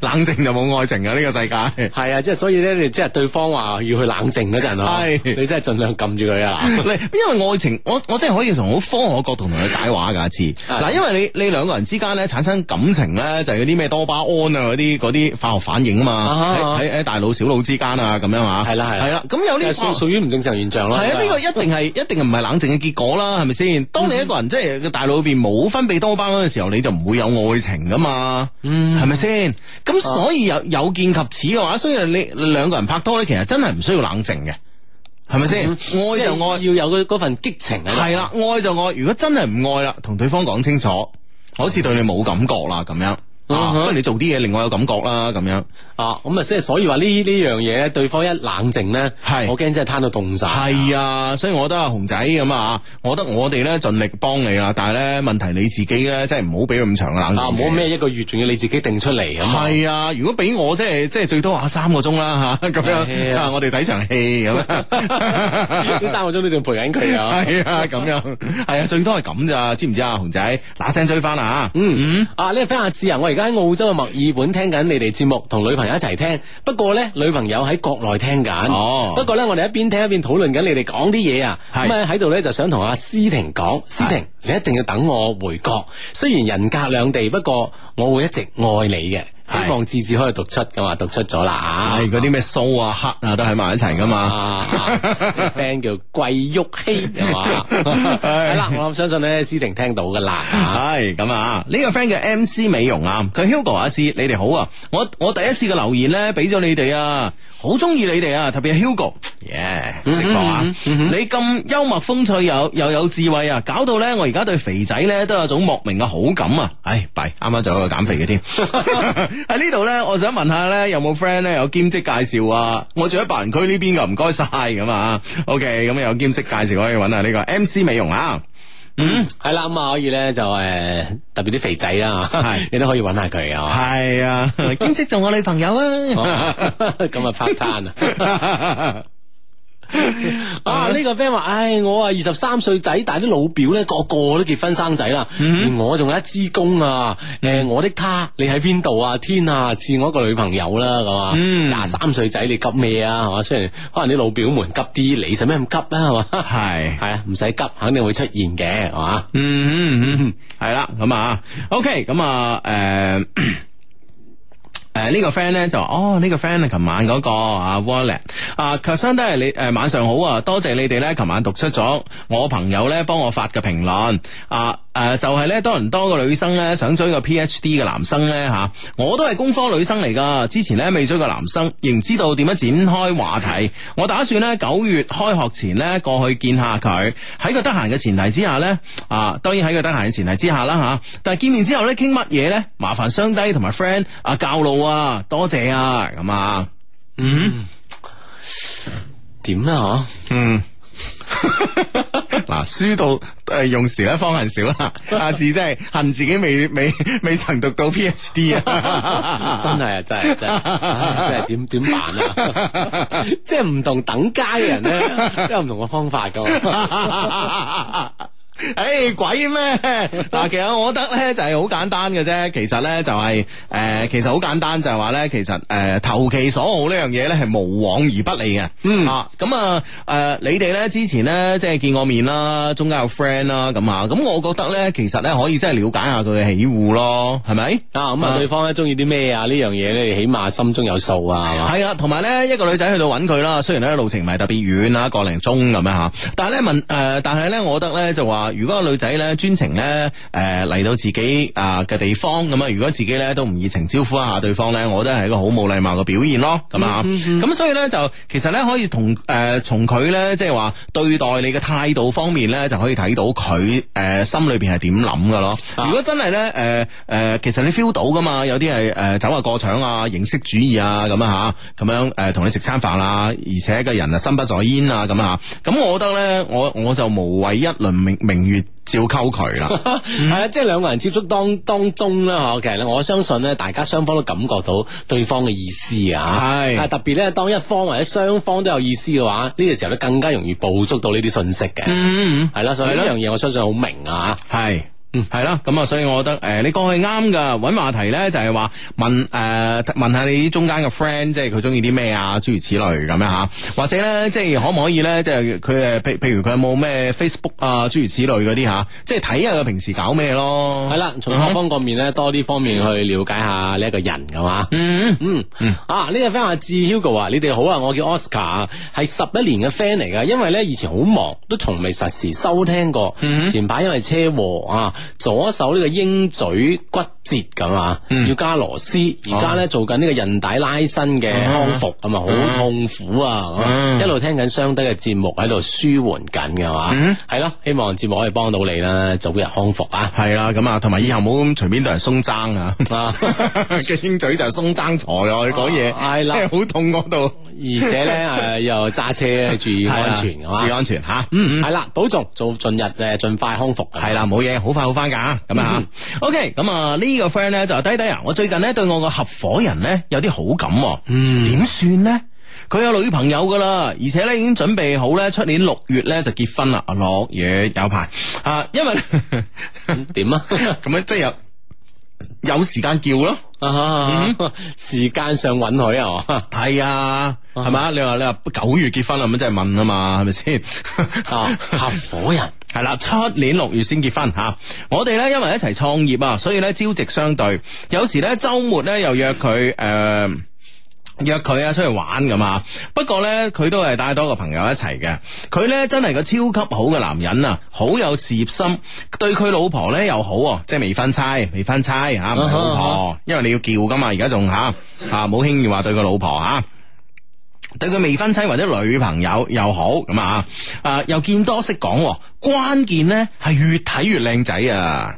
冷靜就冇愛情啊！呢個世界係啊，即係所以咧，你即係對方話要去冷靜嗰陣，你真係盡量撳住佢啊！因為愛情，我我真係可以從好科學角度同佢解話噶一次。嗱，因為你你兩個人之間咧產生感情咧，就係嗰啲咩多巴胺啊嗰啲。啲化學反應啊嘛，喺喺大腦小腦之間啊，咁樣啊，係啦係啦，咁有呢，屬屬於唔正常現象咯，係啊，呢個一定係一定唔係冷靜嘅結果啦，係咪先？當你一個人即係個大腦裏邊冇分泌多巴胺嘅時候，你就唔會有愛情噶嘛，嗯，係咪先？咁所以有有見及此嘅話，所以你兩個人拍拖咧，其實真係唔需要冷靜嘅，係咪先？愛就愛，要有嗰嗰份激情，係啦，愛就愛，如果真係唔愛啦，同對方講清楚，好似對你冇感覺啦咁樣。不過、uh huh. 啊、你做啲嘢令我有感覺啦，咁樣啊，咁啊，即係所以話呢呢樣嘢，對方一冷靜咧，係是我驚真係攤到凍晒。係啊，所以我覺得阿熊仔咁啊，我覺得我哋咧盡力幫你啦，但係咧問題你自己咧，真係唔好俾咁長嘅冷靜。啊，唔好咩一個月，仲要你自己定出嚟。係啊，如果俾我即係即係最多話三個鐘啦吓，咁樣我哋睇場戲咁，呢三個鐘你仲陪緊佢啊？啊，咁、啊、樣係 啊, 啊樣，最多係咁咋，知唔知熊、mm hmm. 啊，熊仔嗱聲追翻啊，嗯嗯，啊呢個阿志啊，我哋。喺澳洲嘅墨爾本聽緊你哋節目，同女朋友一齊聽。不過呢，女朋友喺國內聽緊。哦，不過呢，我哋一邊聽一邊討論緊你哋講啲嘢啊。咁喺度呢，就想同阿思婷講，思婷，是你一定要等我回國。雖然人隔兩地，不過我會一直愛你嘅。希望字字可以讀出噶嘛，讀出咗啦、哎、啊！嗰啲咩蘇啊、黑啊都喺埋一齊噶嘛。啊、 friend 叫季旭希係嘛？係啦， 我諗相信咧，思婷聽到噶啦。係咁啊，呢個 friend 叫 M C 美容啊，佢 Hugo 阿、啊、芝，你哋好啊！我我第一次嘅留言咧，俾咗你哋啊，好中意你哋啊，特別 Hugo，耶，識、yeah, 嗯嗯、過啊！嗯嗯你咁幽默風趣又又有，又有智慧啊，搞到咧我而家對肥仔咧都有，有種莫名嘅好感啊！唉，弊啱啱仲有個減肥嘅添。 喺呢度咧，我想問下咧，有冇 friend 咧有兼職介紹啊？我住喺白雲區呢邊，又唔該晒咁啊。OK，咁有兼職介紹可以揾下呢個 MC 美容啊。嗯，係啦，咁可以咧就誒、呃，特別啲肥仔啦，係的 你都可以揾下佢啊。係啊是的， 兼職做我女朋友啊。咁啊，part time 啊。 啊！呢、這個 friend 話，唉，我啊二十三歲仔，但係啲老表咧個，個個都結婚生仔啦，嗯嗯而我仲有一支公啊！誒、呃，我的他，你喺邊度啊？天啊！賜我一個女朋友啦，咁、就、啊、是，廿三歲仔，你急咩啊？係嘛？雖然可能啲老表們急啲，你使咩咁急咧？係嘛？係係啊，唔使急，肯定會出現嘅，係嘛？嗯，係、嗯、啦，咁啊 OK 咁啊，誒、OK，啊。呃呃誒，呢個 friend 咧就哦，呢、這個 friend 係琴晚、那個啊，Wallace 啊，相、啊、低係你誒、呃，晚上好啊，多謝你哋咧，琴晚讀出咗我朋友咧幫我發嘅評論啊，誒、啊，就係、是、咧多人多個女生咧想追個 PhD 嘅男生咧吓、啊，我都係工科女生嚟噶。之前咧未追個男生，亦唔知道點樣展開話題，我打算咧九月開學前咧過去見下佢，喺佢得閒嘅前提之下咧啊，當然喺佢得閒嘅前提之下啦吓、啊，但係見面之後咧傾乜嘢咧，麻煩相低同埋 friend 啊教路啊。哇，多謝啊，咁啊，嗯，點咧嗬，嗯，嗱，書到用時咧，方恨少啦，下次真係恨自己未未未曾讀到 PhD 啊， 真係啊，真係真係，真係點點辦啊，即係唔同等階嘅人咧，都有唔同嘅方法噶。 誒，欸、鬼咩？嗱、啊，其實我覺得咧就係好簡單嘅啫。其實咧就係、是、誒，欸、其實好簡單就係話咧，其實誒投其所好呢樣嘢咧係無往而不利嘅、嗯。嗯啊，咁啊誒、呃，你哋咧之前咧即係見過面啦，中間有 friend 啦，咁啊，咁我覺得咧其實咧可以真係了解下佢嘅、啊嗯啊、喜好咯，係咪啊？咁啊，對方咧中意啲咩啊？呢樣嘢咧你起碼心中有數啊。係是啊。同埋咧一個女仔去到搵佢啦，雖然咧路程唔係特別遠啊，個零鐘咁樣吓，但係咧問誒，但係咧我覺得咧就話。如果個女仔咧專程咧誒嚟到自己啊嘅地方咁啊，如果自己咧都唔熱情招呼一下對方咧，我覺得係一個好冇禮貌嘅表現咯。咁啊、嗯，咁、嗯嗯、所以咧就其實咧可以同誒從佢咧即係話對待你嘅態度方面咧就可以睇到佢誒、呃、心裏邊係點諗噶咯。啊、如果真係咧誒誒，其實你 feel 到噶嘛，有啲係誒走下過場啊、形式主義啊咁啊吓，咁樣誒同、呃、你食餐飯啊，而且個人啊心不在焉啊咁啊，咁我覺得咧我我就無謂一輪明明月照溝渠啦，係啊，即係兩個人接觸當當中啦，嗬，其實咧，我相信咧，大家雙方都感覺到對方嘅意思啊，係是，特別咧，當一方或者雙方都有意思嘅話，呢個時候咧更加容易捕捉到呢啲信息嘅，係啦、嗯，所以呢樣嘢我相信好明啊，係。嗯，係啦，咁啊，所以我覺得，誒、呃，你過去啱噶，搵話題咧就係、是、話問，誒、呃，問下你中間嘅 friend，即係佢中意啲咩啊，諸如此類咁樣吓，或者咧，即係可唔可以咧，即係佢誒，譬譬如佢有冇咩 Facebook 啊，諸如此類嗰啲吓，即係睇下佢平時搞咩咯。係啦，從各方各面咧，嗯、多啲方面去了解下呢一個人，係嘛。嗯嗯啊，呢個 friend 阿志 Hugo 啊，這個、你哋好啊，我叫 Oscar 啊，係十一年嘅 friend 嚟噶，因為咧以前好忙，都從未實時收聽過。嗯、前排因為車禍啊。左手呢個鷹嘴骨。咁啊，要加螺絲。而家咧做緊呢個韌帶拉伸嘅康復，咁啊好痛苦啊！一路聽緊雙低嘅節目，喺度舒緩緊嘅嘛。係咯，希望節目可以幫到你啦，早日康復啊！係啦，咁啊，同埋以後唔好咁隨便對人鬆踭啊！啊，張嘴就鬆踭坐落去講嘢，係啦，好痛嗰度，而且咧誒又揸車，注意安全，注意安全吓，嗯係啦，保重，做盡日誒盡快康復。係啦，冇嘢，好快好翻噶吓，咁啊，OK，咁啊呢。呢個 friend 咧就話低低啊，我最近咧對我個合夥人咧有啲好感，嗯，點算咧？佢有女朋友噶啦，而且咧已經準備好咧，出年六月咧就結婚啦，六月有排啊，因為點啊？咁樣即係有有時間叫咯啊、 嗯，時間上允許 啊，係啊，係嘛？你話你話九月結婚啊，咁即係問啊嘛，係咪先啊？合夥人。係啦，出年六月先結婚吓、啊。我哋呢，因為一齊創業啊，所以呢，朝夕相對。有時呢，周末呢，又約佢誒、呃，約佢啊出去玩咁啊。不過呢，佢都係帶多個朋友一齊嘅。佢呢，真係個超級好嘅男人啊，好有事業心，對佢老婆呢，又好啊，啊，即係未婚妻，未婚妻。吓，唔係老婆，啊啊啊、因為你要叫噶嘛。而家仲吓吓冇輕易話對個老婆吓。啊對佢未婚妻或者女朋友又好咁啊，誒、啊、又見多識講、哦，關鍵咧係越睇越靚仔啊！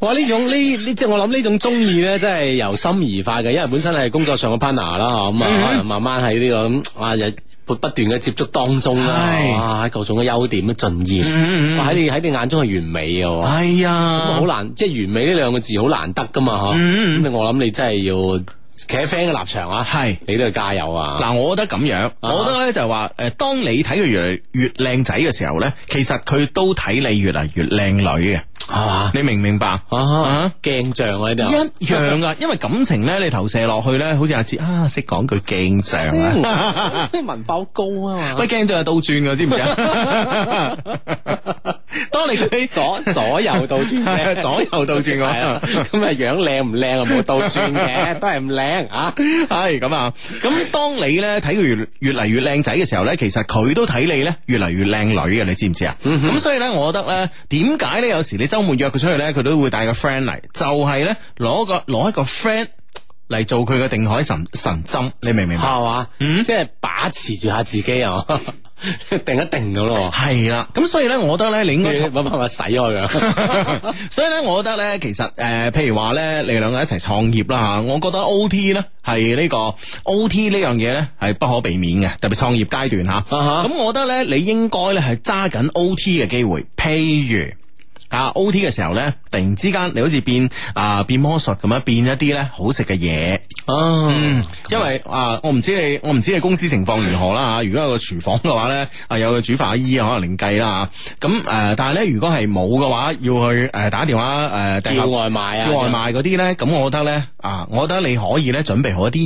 哇，呢種呢呢，即係我諗呢種中意咧，真係由心而發嘅，因為本身係工作上嘅 partner 啦、mm，咁、hmm. 啊慢慢喺呢、這個咁啊日不斷嘅接觸當中啦，mm hmm. 哇，各種嘅優點都盡現，喺、mm hmm. 你喺你眼中係完美啊喎。係、mm hmm. 啊，好難，即係完美呢兩個字好難得噶嘛，嗬、啊？咁我諗你真係要。Mm 企喺 FRIEND 嘅立場啊，係是你都要加油啊！嗱，我覺得咁樣，uh huh. 我覺得咧就係話誒，當你睇佢越嚟越靚仔嘅時候咧，其實佢都睇你越嚟越靚女嘅。 啊！你明唔明白啊？鏡像啊，呢啲一樣噶，因為感情咧，你投射落去咧，好似阿志啊，識講句鏡像啊，文爆高啊嘛，不過鏡像又倒轉噶，知唔知？當你佢左左右倒轉，左右倒轉，咁啊樣靚唔靚啊？冇倒轉嘅，都係唔靚啊！係咁啊！咁當你咧睇佢越越嚟越靚仔嘅時候咧，其實佢都睇你咧越嚟越靚女嘅，你知唔知啊？咁所以咧，我覺得咧，點解咧，有時你周當我門約佢出去咧，佢都會帶個 friend 嚟，就係咧攞個攞一個 friend 嚟做佢嘅定海神神針，你明唔明白？係嘛，嗯，即係把持住下自己啊， 定一定咁咯。係啦，咁所以咧，我覺得咧、 呃，你應該想辦法使開噶。所以咧，我覺得咧、這個，其實誒，譬如話咧，你哋兩個一齊創業啦，我覺得 O T 咧係呢個 O T 呢樣嘢咧係不可避免嘅，特別創業階段吓。咁、uh huh. 我覺得咧，你應該咧係揸緊 O T 嘅機會，譬如。啊！O T 嘅時候咧，突然之間你好似變啊、呃、變魔術咁樣變一啲咧好食嘅嘢啊！嗯嗯、因為啊、嗯呃，我唔知你我唔知你公司情況如何啦啊！如果有個廚房嘅話咧，啊有個煮飯阿姨可能另計啦啊！咁誒、呃，但係咧如果係冇嘅話，要去誒、呃、打電話誒訂、呃、外賣啊，叫外賣嗰啲咧，咁、啊、我覺得咧。啊，我覺得你可以咧，準備好一啲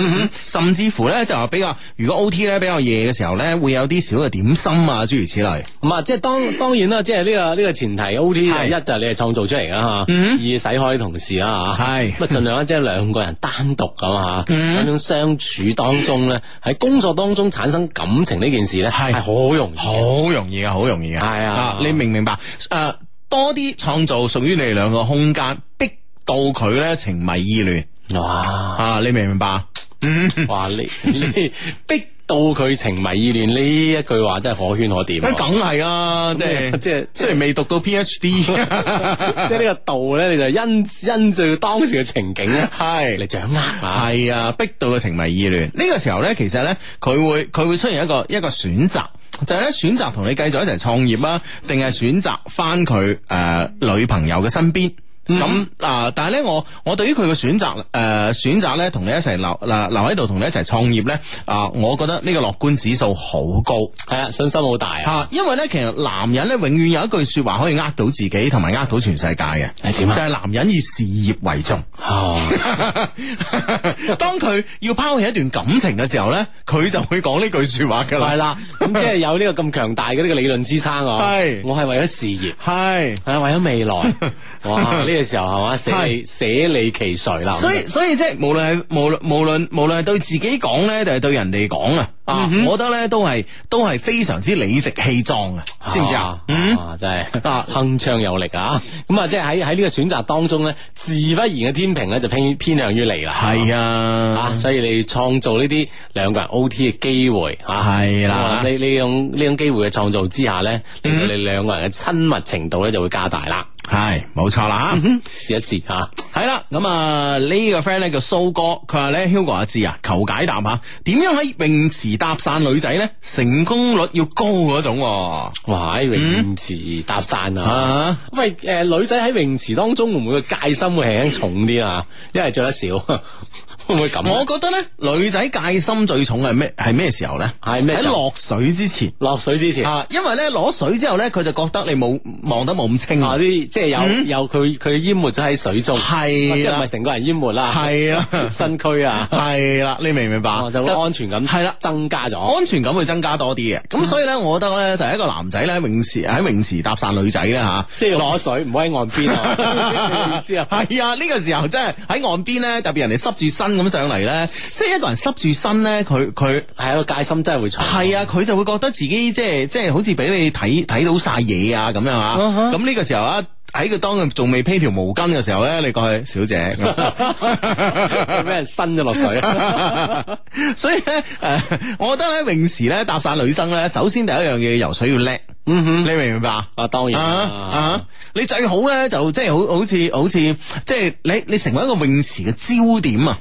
嘢，甚至乎咧就話比較，如果 O T 咧比較夜嘅時候咧，會有啲小嘅點心啊，諸如此類。咁啊，即係當當然啦，即係呢個呢個前提，O T 一就係你係創造出嚟啊吓，二使開同事啊吓，咁啊盡量咧即係兩個人單獨咁啊吓，嗰種相處當中咧，喺工作當中產生感情呢件事咧係好容易，好容易啊，好容易啊。係啊，你明唔明白？誒，多啲創造屬於你哋兩個空間逼。到佢咧情迷意亂哇啊，你明唔明白？嗯，哇，你你逼到佢情迷意亂呢一句話真係可圈可點，梗係啊！即係即係雖然未讀到 PhD，即係呢個道咧，你就因因住當時嘅情景咧，係嚟掌握啊！係啊，逼到佢情迷意亂呢個時候咧，其實咧佢會佢會出現一個一個選擇，就係咧選擇同你繼續一齊創業啦，定係選擇翻佢誒女朋友嘅身邊。咁啊！嗯、但係咧，我我對於佢嘅選擇，誒、呃，選擇咧同你一齊留、呃、留喺度，同你一齊創業咧，啊、呃，我覺得呢個樂觀指數好高，係啊、嗯，信心好大啊！因為咧，其實男人咧，永遠有一句說話可以呃到自己，同埋呃到全世界嘅，係、嗯、點啊？就係男人以事業為重。啊、 當佢要拋棄一段感情嘅時候咧，佢就會講呢句說話㗎啦。係啦、嗯，咁即係有呢個咁強大嘅呢個理論支撐 我。係，我係為咗事業。係，係為咗未來。哇！呢個時候係嘛，舍捨我其誰啦？所以所以即係無論係無論無論無論係對自己講咧，定係對人哋講啊，我覺得咧都係都係非常之理直氣壯啊！知唔知啊？啊，真係得鏗鏘有力啊！咁啊，即係喺喺呢個選擇當中咧，自然而然嘅天平咧就偏偏向於你啦。係啊，所以你創造呢啲兩個人 O T 嘅機會啊，係啦，呢呢種呢種機會嘅創造之下咧，令到你兩個人嘅親密程度咧就會加大啦。係冇。錯啦吓，試、嗯、一試吓，係啦咁啊，啊、這個、呢個 friend 咧叫蘇哥，佢話咧 Hugo 阿志啊，求解答吓，點樣喺泳池搭訕女仔咧？成功率要高嗰種、啊。哇、呃，喺泳池搭訕啊？喂、啊，誒、啊，女仔喺泳池當中會唔會個戒心會輕輕重啲啊？因為着得少。 會唔會咁我覺得咧，女仔戒心最重係咩？係咩時候咧？係喺落水之前。落水之前啊，因為咧落水之後咧，佢就覺得你冇望得冇咁清啊！啲即係有有佢佢淹沒咗喺水中，係即係唔係成個人淹沒啦？係啊，身軀啊，係啦，你明唔明白？就安全感係啦，增加咗安全感會增加多啲嘅。咁所以咧，我覺得咧就係一個男仔咧泳池喺泳池搭訕女仔咧吓，即係要落水唔好喺岸邊啊？咩意思啊？係啊，呢個時候真係喺岸邊咧，特別人哋濕住身。咁上嚟咧，即係一個人濕住身咧，佢佢係一個戒心真會，真係會出係啊。佢就會覺得自己即係即係好似俾你睇睇到晒嘢啊哈，咁樣啊。咁呢個時候啊，喺佢當佢仲未披條毛巾嘅時候咧，你過去，小姐，俾 人伸咗落水 所以咧，誒，我覺得咧泳池咧搭訕女生咧，首先第一樣嘢游水要叻，嗯哼，你明唔明白啊？當然、啊啊、你最好咧就，好好好好就即係好好似好似即係你你成為一個泳池嘅焦點啊。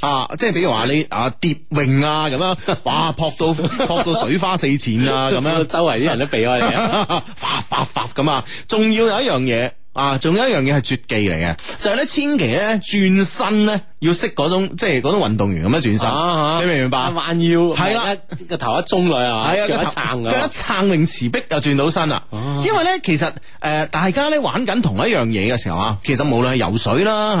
啊，即係比如話你啊，蝶泳啊，咁樣哇，撲到撲 到水花四濺啊，咁樣 周圍啲人都避開你，啊，發發發咁啊！仲要有一樣嘢。啊，仲有一樣嘢係絕技嚟嘅，就係咧，千祈咧，轉身咧，要識嗰種即係嗰種運動員咁樣轉身，你明唔明白？還要係啦，個頭一中內啊，腳一撐，腳一撐泳池壁就轉到身啦。因為咧，其實誒大家咧玩緊同一樣嘢嘅時候啊，其實無論係游水啦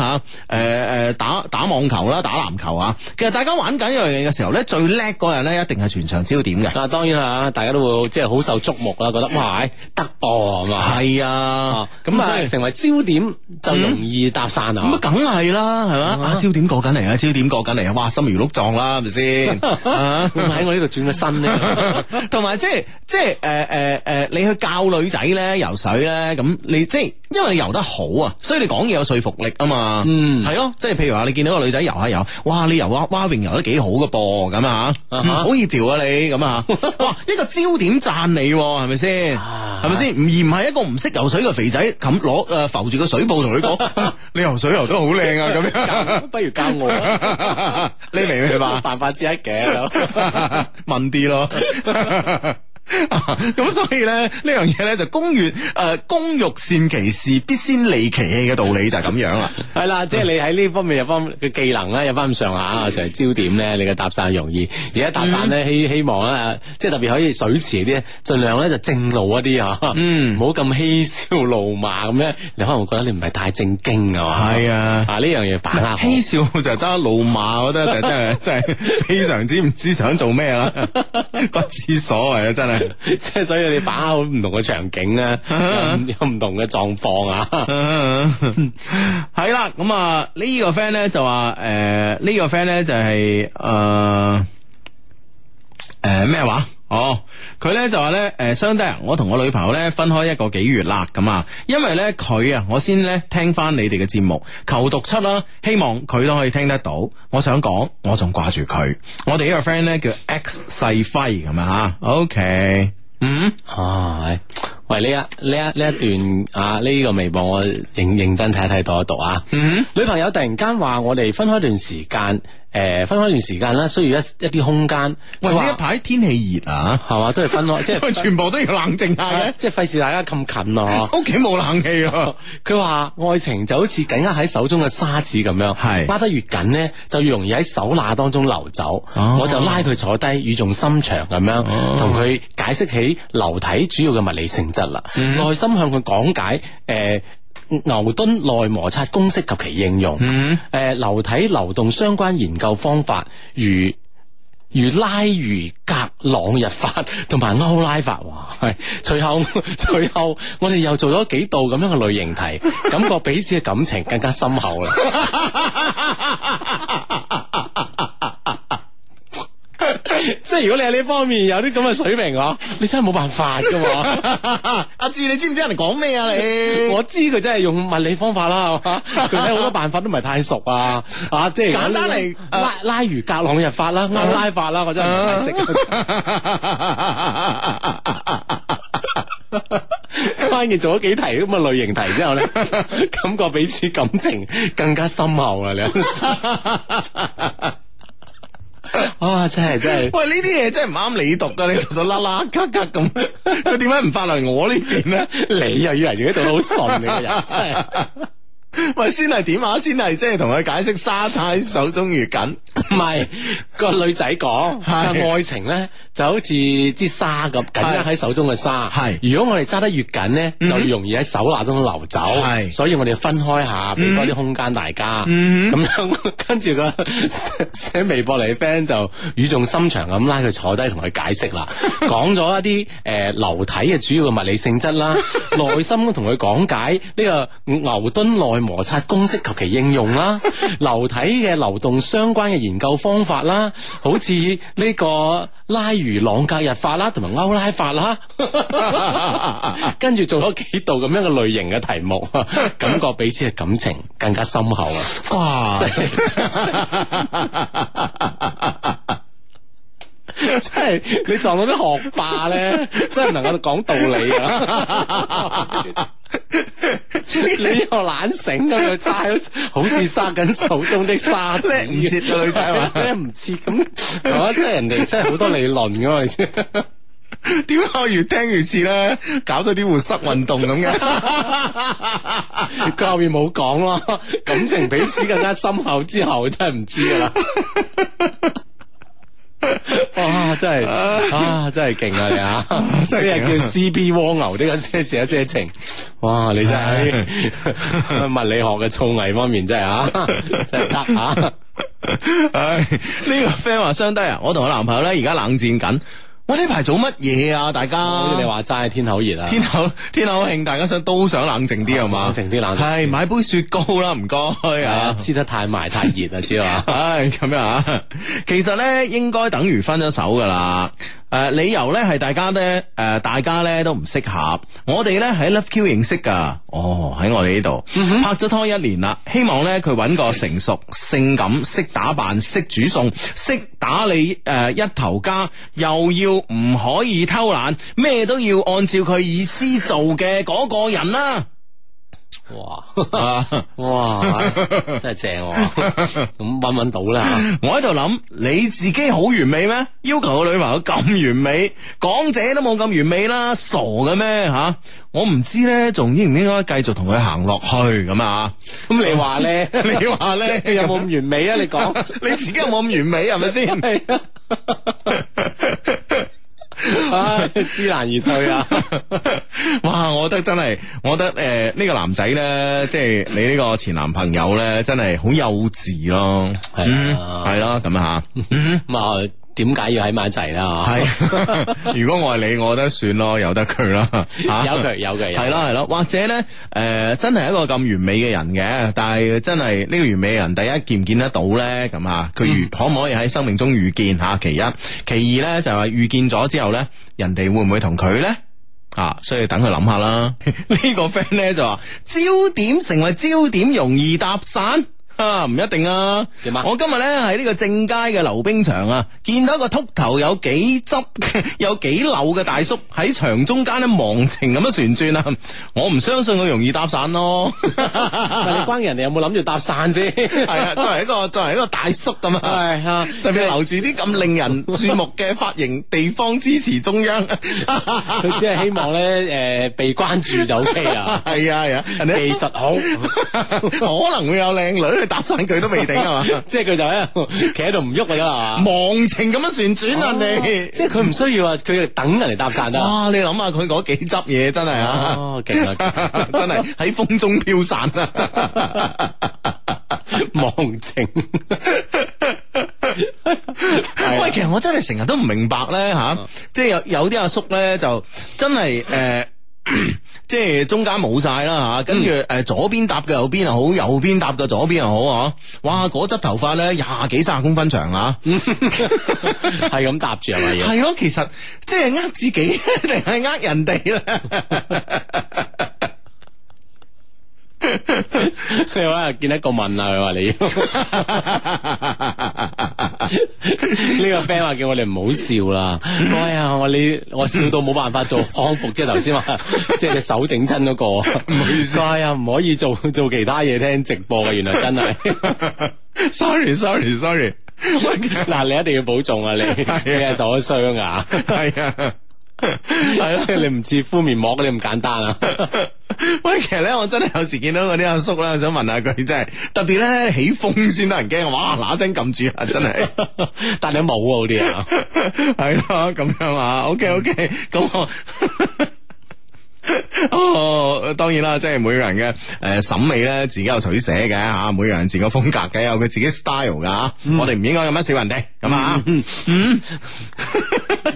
吓，誒誒打打網球啦，打籃球啊，其實大家玩緊一樣嘢嘅時候咧，最叻嗰人咧一定係全場焦點嘅。啊，當然啦，大家都會即係好受矚目啦，覺得哇，得噃！係嘛？係啊，咁啊。成為焦點就容易搭訕啊！咁梗係啦，係嘛？焦點過緊嚟啊，焦點過緊嚟啊！哇，心如鹿撞啦，係咪先？會唔會喺我呢度轉個身呢？同埋即係即係誒誒誒，你去教女仔咧游水咧，咁你即係因為你游得好啊，所以你講嘢有說服力啊嘛。嗯，係咯，即係譬如話你見到個女仔游下游，哇，你游哇蛙泳游得幾好噶噃咁啊，好協調啊你咁啊，哇，呢個焦點讚你係咪先？係咪先？而唔係一個唔識游水嘅肥仔冚。我誒浮住個水泡同佢講，你游水游都好靚啊！咁樣， 不如教我吧， 你明係嘛？冇辦法之一嘅下，問啲咯。咁所以咧，呢樣嘢咧就工欲誒，工欲善其事，必先利其器嘅道理就係咁樣啦。係啦，即係你喺呢方面有翻嘅技能咧，有翻咁上下，就係焦點咧，你嘅搭訕容易。而家搭訕咧希希望咧，即係特別可以水池啲，盡量咧就正路一啲啊。嗯，唔好咁嬉笑怒罵咁咧，你可能會覺得你唔係太正經啊嘛。係啊，啊呢樣嘢把握。嬉笑就係得怒罵，我覺得就真係真係非常之唔知想做咩啊。不知所謂啊，真係。即係所以你把握好唔同嘅場景咧，有唔同嘅狀況啊，係啦，咁啊呢個 friend 咧就話誒呢個 friend 咧就係誒誒咩話？哦，佢咧、oh, 就話咧，誒，相對啊，我同我女朋友咧分開一個幾月啦，咁啊，因為咧佢啊，我先咧聽翻你哋嘅節目，求讀出啦，希望佢都可以聽得到。我想講，我仲掛住佢。我哋呢個 friend 咧叫 X 世輝，咁啊吓，OK，嗯、mm，係、hmm.。喂，呢一呢一呢一段啊，呢個微博我認認真睇一睇，讀一讀啊。嗯，女朋友突然間話我哋分開段時間誒分開一段時間啦，呃、需要一一啲空間喂，呢說一排天氣熱啊，係嘛？都係分開即係 說全部都要冷靜下嘅，啊，即係費事大家咁近咯。屋企冇冷氣啊，佢話愛情就好似緊握喺手中嘅沙子咁樣，係拉是得越緊咧，就越容易喺手罅當中流走。啊、我就拉佢坐低，語重心長咁樣同佢解釋起流體主要嘅物理性質。得啦，耐、mm hmm。心向佢講解，誒、呃，牛頓內摩擦公式及其應用，嗯、mm，誒、hmm。呃，流體流動相關研究方法，如如拉如格朗日法，同埋歐拉法，哇， 隨後隨後我哋又做咗幾道咁樣嘅類型題， 感覺彼此嘅感情更加深厚啦。 即係如果你喺呢方面有啲咁嘅水平， 知知啊，你真係冇辦法噶。阿志，你知唔知人哋講咩啊？你我知佢真係用物理方法啦，係嘛？佢睇好多辦法都唔係太熟啊，啊，即係、這個、簡單嚟、啊、拉拉魚格朗日法啦，拉法啦，我真係唔係識。 今日做咗幾題咁嘅類型題之後咧， 感覺彼此感情更加深厚啦，你。 哇、哦！真係真係，喂！呢啲嘢真係唔啱你讀噶，你讀到啦啦咔咔咁，佢點解唔發嚟我呢邊咧？ 你又以為自己讀得好順，你個人真係。 喂，先係點啊？先係即係同佢解釋沙太手中越緊，唔係個女仔講，係愛情咧就好似啲沙咁，緊握喺手中嘅沙。係如果我哋揸得越緊咧，就容易喺手罅度流走。係所以我哋分開下，俾多啲空間大家。咁樣跟住個寫微博嚟嘅 friend 就語重心長咁拉佢坐低同佢解釋啦，講咗一啲誒流體嘅主要嘅物理性質啦，耐心咁同佢講解呢個牛頓內。摩擦公式及其應用啦，流體嘅流動相關嘅研究方法啦，好似呢個拉格朗日法啦，同埋歐拉法啦， 跟住做咗幾道咁樣嘅類型嘅題目，感覺彼此嘅感情更加深厚啊！哇，真係你撞到啲學霸咧，真係唔能夠講道理啊！ 你呢又懶醒個女仔，好似揸緊手中的沙啫，唔似個女仔嘛？唔似咁，即係人哋，真係好多理論噶嘛？點解 我越聽越似咧？搞到啲活塞運動咁嘅，佢 後面冇講咯。感情彼此更加深厚之後，真係唔知㗎啦。 哇！真係啊,啊，真係勁啊你啊，呢個叫 C B 蝸牛，呢個一些事一些情，哇！你真係 物理學嘅造詣方面真係啊，真係得啊！唉，呢個 friend 話相低啊，我同我男朋友咧而家冷戰緊。我呢排做乜嘢啊？大家你話齋，天口熱啊，天口天口興，大家想都想冷靜啲啊嘛，冷靜啲冷係買杯雪糕啦，唔該啊，黐得太埋太熱啊，知嘛？ 唉、哎，咁樣啊，其實咧應該等於分咗手噶啦。誒、呃，理由咧係大家咧，誒、呃，大家咧都唔適合。我哋咧喺 Love Q 認識噶，哦，喺我哋呢度拍咗拖一年啦。希望咧佢揾個成熟、性感、識打扮、識煮餸、識打理誒、呃、一頭家，又要唔可以偷懶，咩都要按照佢意思做嘅嗰個人啦、啊。哇，哇！哇！真係正喎、啊，咁揾揾到啦！我喺度諗，你自己好完美咩？要求個女朋友咁完美，港姐都冇咁完美啦，傻嘅咩吓？我唔知咧，仲應唔應該繼續同佢行落去咁啊？咁你話咧？你話咧？ 有冇咁完美啊？你講 你自己有冇咁完美？係咪先？ 哎、知難而退啊！ 哇，我覺得真係，我覺得誒，呢、呃這個男仔咧，即、就、係、是、你呢個前男朋友咧，真係好幼稚咯，係啦、啊，係啦、嗯，咁啊吓 點解要喺埋一齊啦？係， 如果我係你，我覺得算咯，由得佢啦。有佢、啊，有佢，係咯，係咯。 或者咧，誒、呃，真係一個咁完美嘅人嘅，但係真係呢、這個完美人，第一見唔見得到咧，咁啊，佢如可唔可以喺生命中遇見吓？其一，其二咧就係話遇見咗之後咧，人哋會唔會同佢咧？啊，所以等佢諗下啦。呢 個 friend 咧就話焦點成為焦點，容易搭訕。啊，唔一定啊！麼我今日咧喺呢個正街嘅溜冰場啊，見到一個禿頭有幾執、有幾扭嘅大叔喺場中間咧忘情咁樣旋轉啊！我唔相信佢容易搭訕咯。關 人哋有冇諗住搭訕先？係 啊，作為一個作為一個大叔咁啊，哎、呀特別別留住啲咁令人注目嘅髮型 地方支持中央，佢 只係希望咧誒、呃、被關注就 ok 啊！係啊，係啊，技術 人家好可能會有靚女。搭訕佢都未定啊嘛， 即係佢就喺企喺度唔喐啊嘛，忘情咁樣旋轉啊、哦、你，即係佢唔需要話佢忙等人嚟搭訕啊。哇，你諗下佢嗰幾執嘢真係啊，其實 真係喺風中飄散啊，忘情。喂，其實我真係成日都唔明白咧吓、啊，即係有有啲阿叔咧就真係誒。呃 即係中間冇晒啦吓，跟住，誒左邊搭嘅右邊又好，右邊搭嘅左邊又好啊，哇，嗰執頭髮咧廿幾卅公分長 嗎啊，係咁搭住係咪？係咯，其實即係呃自己定係呃人哋咧。 你話見一個問啊，佢話你呢 個 friend 話叫我哋唔好笑啦。哎呀，我你我笑到冇辦法做康復即係，頭先話即係手整親嗰個，唔好意思。哎唔可以做做其他嘢，聽直播嘅，原來真係。Sorry，Sorry，Sorry。嗱，你一定要保重啊，你你係受咗傷啊。係啊。係啊，即係你唔似敷面膜咁你咁簡單啊？喂， 其實咧我真係有時見到嗰啲阿叔咧，我想問下佢，真係特別咧起風先得人驚，哇嗱聲撳住啊，真係，但你冇啊嗰啲啊，係咯咁樣啊，OK OK，咁、嗯、樣我。 哦，當然啦，即係每個人嘅，誒審美咧，自己有取捨嘅,吓，每個人自己嘅風格嘅，有佢自己 style 噶、嗯、我哋唔應該咁樣笑人哋，咁、嗯、啊、嗯嗯、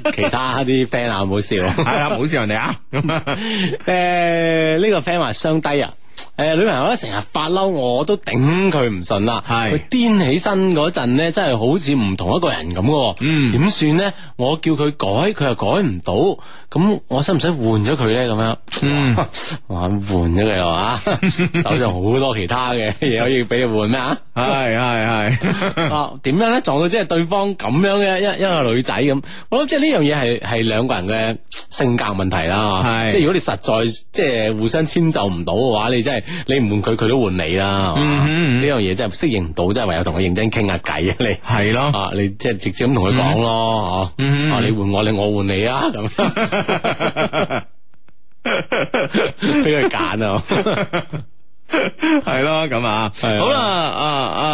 其他啲 friend 啊唔好笑，係啦， 唔好笑人哋啊，咁啊，誒呢、呃這個 friend 話雙低啊。誒、呃，女朋友咧成日發嬲，我都頂佢唔順啦。係佢癲起身嗰陣咧，真係好似唔同一個人咁。嗯，點算咧？我叫佢改，佢又改唔到。咁我使唔使換咗佢咧？咁樣，嗯，換咗佢啊？手上好多其他嘅嘢，可以俾佢換咩啊？係係係。哦，點樣咧？撞到即係對方咁樣嘅一一個女仔咁，我諗即係呢樣嘢係係兩個人嘅性格問題啦。係、啊、是即係如果你實在即係互相遷就唔到嘅話，你。即係你唔換佢，佢都換你啦。呢樣嘢真係適應唔到，真係唯有同佢認真傾下偈啊！你係咯、嗯哼嗯啊，你即係直接咁同佢講咯，哦，你換我，你我換你啊，咁俾佢揀啊。 係咯咁啊，好啦，阿阿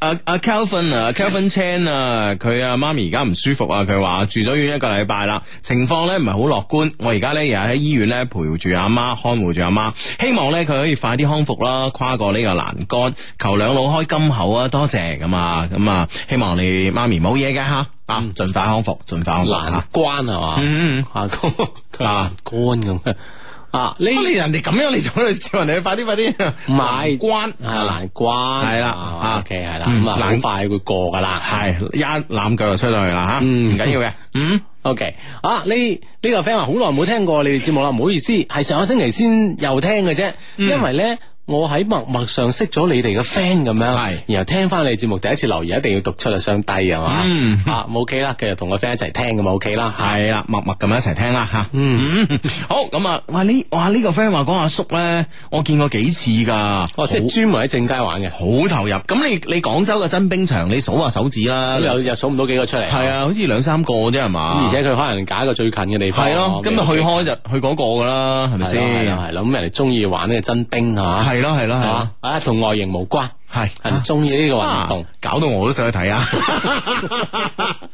阿阿阿 Kelvin，Kelvin Chan 啊，佢阿媽咪而家唔舒服啊，佢話住咗院一個禮拜啦，情況咧唔係好樂觀。我而家咧又喺醫院咧陪住阿媽，看護住阿媽，希望咧佢可以快啲康復啦，跨過呢個難關，求兩老開金口啊！多謝咁啊咁啊，希望你媽咪冇嘢嘅吓啊，盡快康復，盡快康復關係嘛，嗯嗯，下個難關咁。下 啊！你你人哋咁樣嚟，就喺度笑人哋，快啲快啲！唔係關係難關係啦。OK 係啦，咁啊好快會過噶啦，係一攬腳就出到去啦吓。嗯，唔緊要嘅。嗯，OK。啊，呢呢個 friend 話好耐冇聽過你哋節目啦，唔好意思，係上個星期先又聽嘅啫，因為咧。我喺陌陌上識咗你哋嘅 friend 咁樣，然後聽翻你節目，第一次留言一定要讀出嚟聲低係嘛？啊，ok 啦，繼續同個 friend 一齊聽咁啊 ok 啦，係啦，默默咁樣一齊聽啦吓，嗯，好，咁啊，哇呢，哇呢個 friend 話講阿叔咧，我見過幾次噶。哦，即係專門喺正街玩嘅，好投入，咁你你廣州嘅真冰場，你數下手指啦，又又數唔到幾個出嚟。係啊，好似兩三個啫係嘛？而且佢可能揀一個最近嘅地方，係咯，咁啊去開就去嗰個噶啦，係咪先？係啦，係啦，咁人哋中意玩呢個真冰吓。咯，係咯，係嘛，啊，同外形無關，係的，係中意呢個運動，搞到、啊、我都想去睇啊，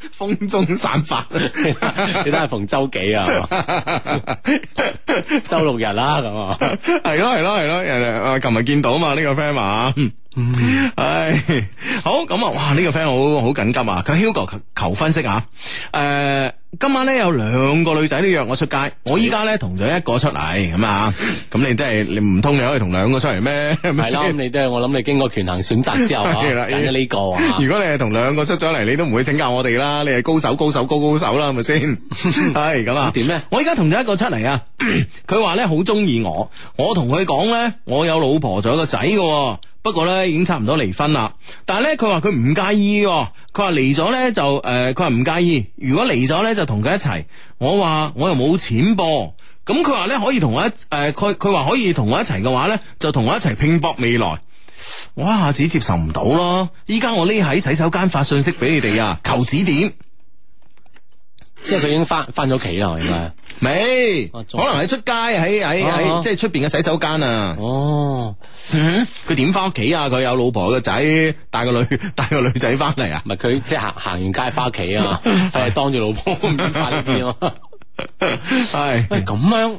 風中散髮， 你都係逢周幾啊，周 六日啦，咁啊，係咯， 係咯，係咯，誒，琴日見到啊嘛，呢、這個 friend 啊，唉、嗯，嗯、 好，咁啊，哇，呢、這個 friend 好好緊急啊，佢 Hugo 求分析啊，誒。今晚咧有兩個女仔都約我出街，我依家咧同咗一個出嚟。咁啊，咁你都係你唔通你可以同兩個出嚟咩？係咪？咁你都係我諗你經過權衡選擇之後揀咗呢個啊。如果你係同兩個出咗嚟，你都唔會請教我哋啦。你係高手高手高高高手啦，係咪先？係 咁 啊？點咧？ 我依家同咗一個出嚟啊，佢話咧好中意我，我同佢講咧，我有老婆仲有個仔噶。不過咧已經差唔多離婚啦但係咧佢話佢唔介意、哦，佢話離咗咧就誒，佢話唔介意，如果離咗咧就同佢一齊。我話我又冇錢噃、啊，咁佢話咧可以同我、呃、我一誒，佢佢話可以同我一齊嘅話咧就同我一齊拼搏未來。我一下子接受唔到咯，依家我匿喺洗手間發信息俾你哋啊，求指點。即係佢已經翻翻咗屋企啦，應該未？在可能喺出街喺喺喺，即係出邊嘅洗手間啊！哦，佢點翻屋企啊？佢有老婆個仔帶個女帶個女仔翻嚟啊？唔係佢即係行行完街翻屋企啊？係當住老婆面翻邊咯。係咁樣。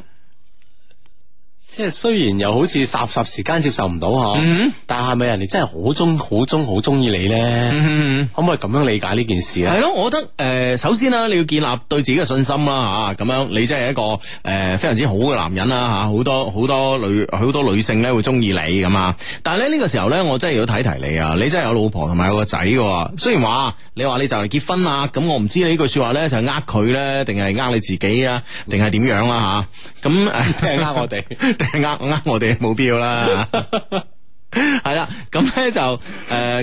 即係雖然又好似霎霎時間接受唔到嗬，嗯、哼但係咪人哋真係好中好中好中意你咧？嗯、哼可唔可以咁樣理解呢件事咧？係咯，我覺得誒、呃，首先啦，你要建立對自己嘅信心啦，吓、啊、咁樣你真係一個誒、呃、非常之好嘅男人啦，吓、啊、好多好多女好多女性咧會中意你咁啊。但係咧呢、呢個時候咧，我真係要睇提提你啊，你真係有老婆同埋有個仔嘅。雖然話你話你就嚟結婚啊，咁我唔知你呢句說話咧就係呃佢咧，定係呃你自己啊，定係點樣啦吓？咁誒，即係呃我哋。呃 呃，我哋冇必要啦，係啦，咁咧，就誒，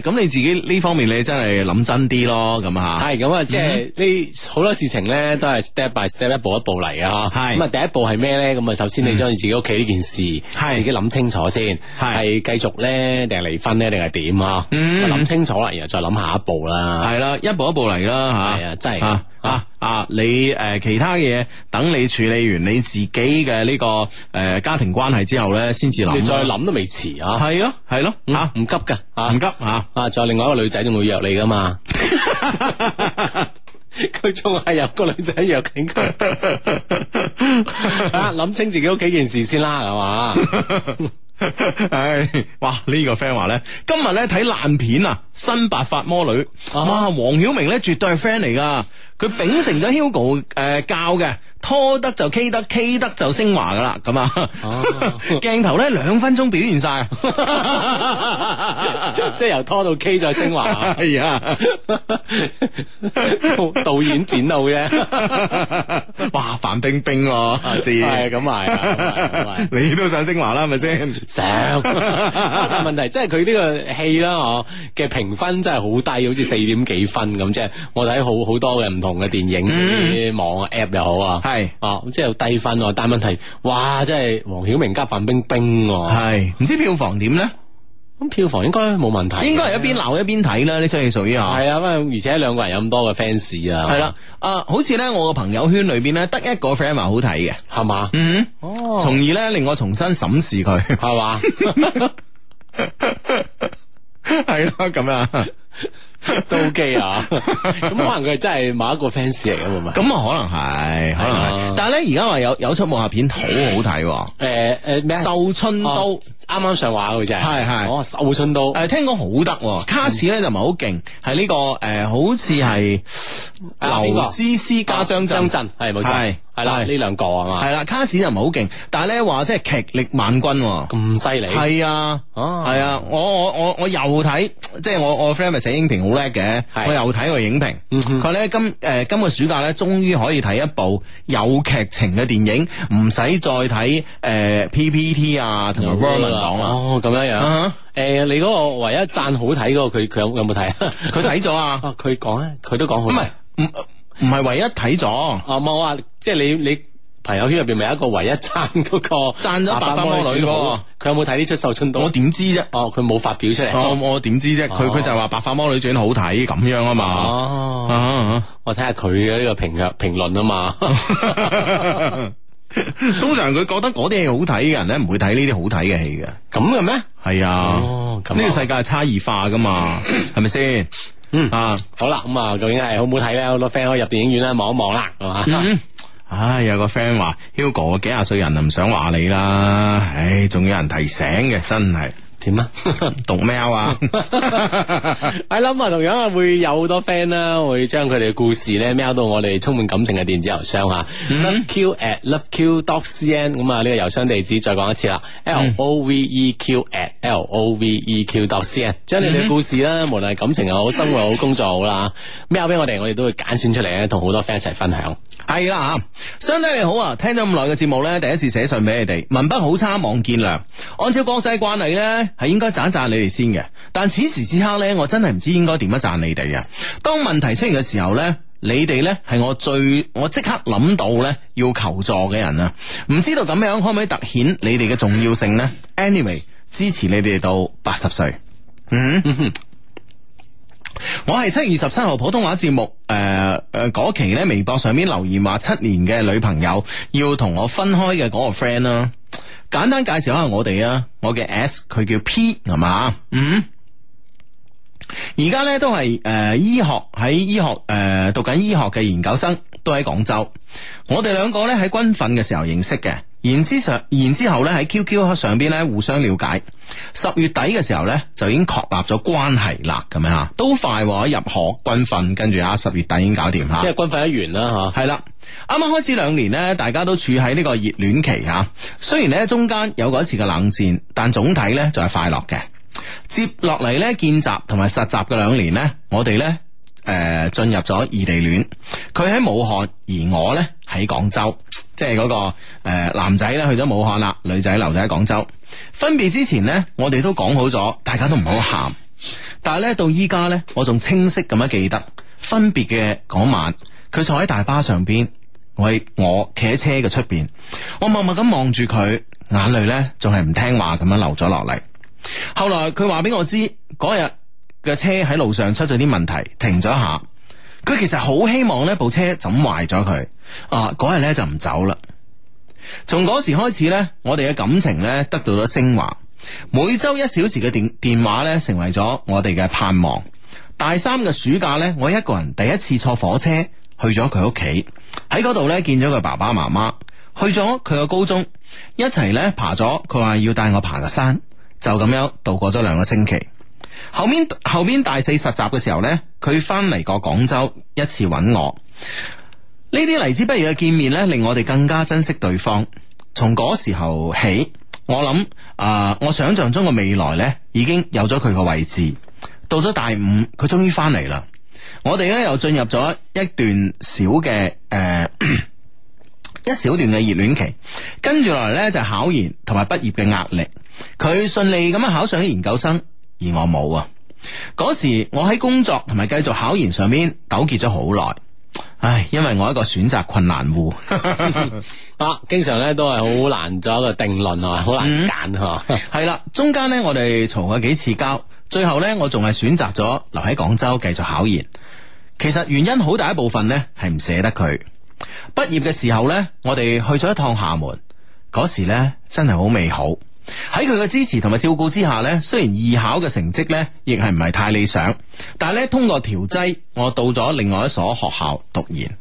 咁你自己呢方面你真係諗真啲咯，咁啊，係咁啊，即係呢好多事情咧都係 step by step，一步一步嚟啊，吓是，係，咁啊第一步係咩咧？咁啊首先你將你自己屋企呢件事，係，自己諗清楚先，係是，係繼續咧定係離婚咧定係點啊？嗯，諗清楚啦，然後再諗下一步啦，係啦，一步一步嚟啦，吓，係啊，真係啊。 啊啊！你誒、呃，其他嘢等你處理完你自己嘅呢、呢個誒、呃、家庭關係之後咧，先至諗。你再諗都未遲啊！係咯，係咯，吓，唔急噶，唔急啊！啊，仲有另外一個女仔都會約你噶嘛？佢仲係有個女仔約緊佢 啊！諗清自己屋企件事先啦，係嘛？ 唉，哇！呢個 friend 話咧，今日咧睇爛片啊，《新白髮魔女》哇，黃曉明咧絕對係 friend 嚟噶，佢秉承咗 Hugo 誒教嘅，拖得就 K 得，K 得就升華噶啦，咁啊，鏡頭咧兩分鐘表現晒，即係由拖到 K 再升華，哎呀，導演剪到嘅，哇！范冰冰阿志，咁啊，你都想升華啦，係咪先？成 問題，即係佢呢個戲啦，哦，嘅評分真係好低，好似四點幾分咁。即係我睇好好多嘅唔同嘅電影，啲、嗯、網 app 又好啊，係是哦，即係低分。但係問題，哇，真係黃曉明加范冰冰，啊，係唔是知票房點咧？咁票房應該冇問題，應該係一邊鬧一邊睇啦，呢出戲屬於吓，係啊，咁啊，而且兩個人有咁多嘅 fans 啊，係啦的，吧啊，好似咧我朋呢個朋友圈裏邊咧，得一個 friend 話好睇嘅，係嘛，嗯，哦，從而咧令我重新審視佢，係嘛，係咯，咁啊。 都機啊，咁可能佢真係某一個 fans 嚟噶嘛？咁啊，可能係，可能係。但係咧，而家話有有出武俠片好好睇，誒誒，繡春刀啱啱上畫嘅啫，係係，哦，繡春刀，誒，聽講好得，cast 咧就唔係好勁，係呢個誒，好似係劉詩詩加張張震，係冇錯，係啦呢兩個係嘛，係啦卡 a 就唔係好勁，但係咧話即係劇力萬鈞，咁犀利，係啊，係啊，我我我我又睇，即係我我 friend 睇影評好叻嘅，的我又睇過影評。佢咧、嗯、哼今誒、呃、今個暑假咧，終於可以睇一部有劇情嘅電影，唔使再睇誒、呃、PPT 啊，同埋 Word 文檔啦。哦，咁樣樣。誒、啊呃，你嗰個唯一讚好睇嗰個，佢佢有有冇睇 啊？佢睇咗啊？佢講咧，佢都講好。唔係唔唔係唯一睇咗。啊冇啊，即係你你。你朋友圈入邊咪有一個唯一讚嗰個讚咗《白髮魔女》咯，佢有冇睇呢出《繡春刀》？我點知啫？哦，佢冇發表出嚟，我點知啫？佢佢就話《白髮魔女傳》好睇咁樣啊嘛，我睇下佢嘅呢個評嘅評論啊嘛。通常佢覺得嗰啲嘢好睇嘅人咧，唔會睇呢啲好睇嘅戲嘅，咁嘅咩？係啊，呢個世界係差異化噶嘛，係咪先？嗯啊，好啦，咁啊，究竟係好唔好睇咧？好多 friend 可以入電影院啦，望一望啦，係嘛？唉、哎，有個 friend 話，Hugo 幾廿歲人啊，唔想話你啦。唉，仲有人提醒嘅，真係。點啊？讀怎 喵啊！ 我諗啊，同樣啊，會有好多 friend 啦，會將佢哋嘅故事咧，喵到我哋充滿感情嘅電子郵箱吓。loveq at loveq. dot cn，咁啊，呢個郵箱地址再講一次啦。loveq at loveq. dot cn，將你哋嘅故事啦，無論係感情又好，生活又好，工作好啦，喵俾我哋，我哋都會揀選出嚟咧，同好多 friend 一齊分享。係啦吓，兄弟你好啊！聽咗咁耐嘅節目咧，第一次寫信俾你哋，文筆好差，望見諒。按照國際慣例咧。係應該讚一讚你哋先嘅，但此時此刻呢，我真係唔知應該點樣讚你哋啊。當問題出現嘅時候呢，你哋呢係我最我即刻諗到呢要求助嘅人啊！唔知道咁樣可唔可以突顯你哋嘅重要性呢？a n y、anyway, w a y 支持你哋到八十歲。嗯哼，我係七月二十七號普通話節目，誒、呃、誒，嗰期呢，微博上面留言話七年嘅女朋友要同我分開嘅嗰個 friend 啦、啊。簡單介紹一下我哋啊，我嘅 S 佢叫 P 係嘛？嗯，而家咧都係誒、呃、醫學喺醫學誒、呃、讀緊醫學嘅研究生。都喺廣州，我哋兩個咧喺軍訓嘅時候認識嘅，然之上，然之後咧喺 QQ 上邊咧互相了解，十月底嘅時候呢，就已經確立咗關係啦，咁樣吓，都快喎，入學軍訓，跟住啊十月底已經搞掂吓，即係軍訓一完啦吓，係啦，啱啱開始兩年呢，大家都處喺呢個熱戀期吓，雖然呢，中間有過一次嘅冷戰，但總體呢，就係快樂嘅。接落嚟呢，見習同埋實習嘅兩年呢，我哋呢。誒，進入咗異地戀，佢喺武漢，而我呢，喺廣州，即係嗰、嗰個誒、呃、男仔呢去咗武漢啦，女仔留咗喺廣州。分別之前呢，我哋都講好咗，大家都唔好喊。但係呢，到依家呢，我仲清晰咁樣記得分別嘅嗰晚，佢坐喺大巴上邊，我我企喺車嘅出邊，我默默咁望住佢，眼淚呢，仲係唔聽話咁樣流咗落嚟。後來佢話俾我知嗰日。嘅車喺路上出咗啲問題，停咗一下。佢其實好希望呢部車就咁壞咗佢啊，嗰日咧就唔走啦。從嗰時開始呢，我哋嘅感情呢，得到咗升華。每周一小時嘅電電話咧，成為咗我哋嘅盼望。大三嘅暑假呢，我一個人第一次坐火車去咗佢屋企，喺嗰度呢，見咗佢爸爸媽媽，去咗佢嘅高中，一齊呢，爬咗。佢話要帶我爬個山，就咁樣度過咗兩個星期。後面，後面大四實習嘅時候呢，佢翻嚟過廣州一次我，揾我呢啲，嚟之不易嘅見面呢，令我哋更加珍惜對方。從嗰時候起，我諗啊、呃，我想象中嘅未來呢，已經有咗佢嘅位置。到咗大五，佢終於翻嚟啦。我哋呢又進入咗一段小嘅誒、呃，一小段嘅熱戀期，跟住落嚟呢，就係、考研同埋畢業嘅壓力。佢順利咁樣考上咗研究生。而我冇啊！嗰時我喺工作同埋繼續考研上面糾結咗好耐，唉，因為我一個選擇困難戶 啊，經常咧都係好難做一個定論、嗯、啊，好難揀係係啦，中間咧我哋嘈過幾次交，最後咧我仲係選擇咗留喺廣州繼續考研。其實原因好大一部分咧係唔捨得佢。畢業嘅時候咧，我哋去咗一趟廈門，嗰時咧真係好美好。喺佢嘅支持同埋照顧之下呢，雖然二考嘅成績呢，亦係唔係太理想，但係呢，通過調劑，我到咗另外一所學校讀研。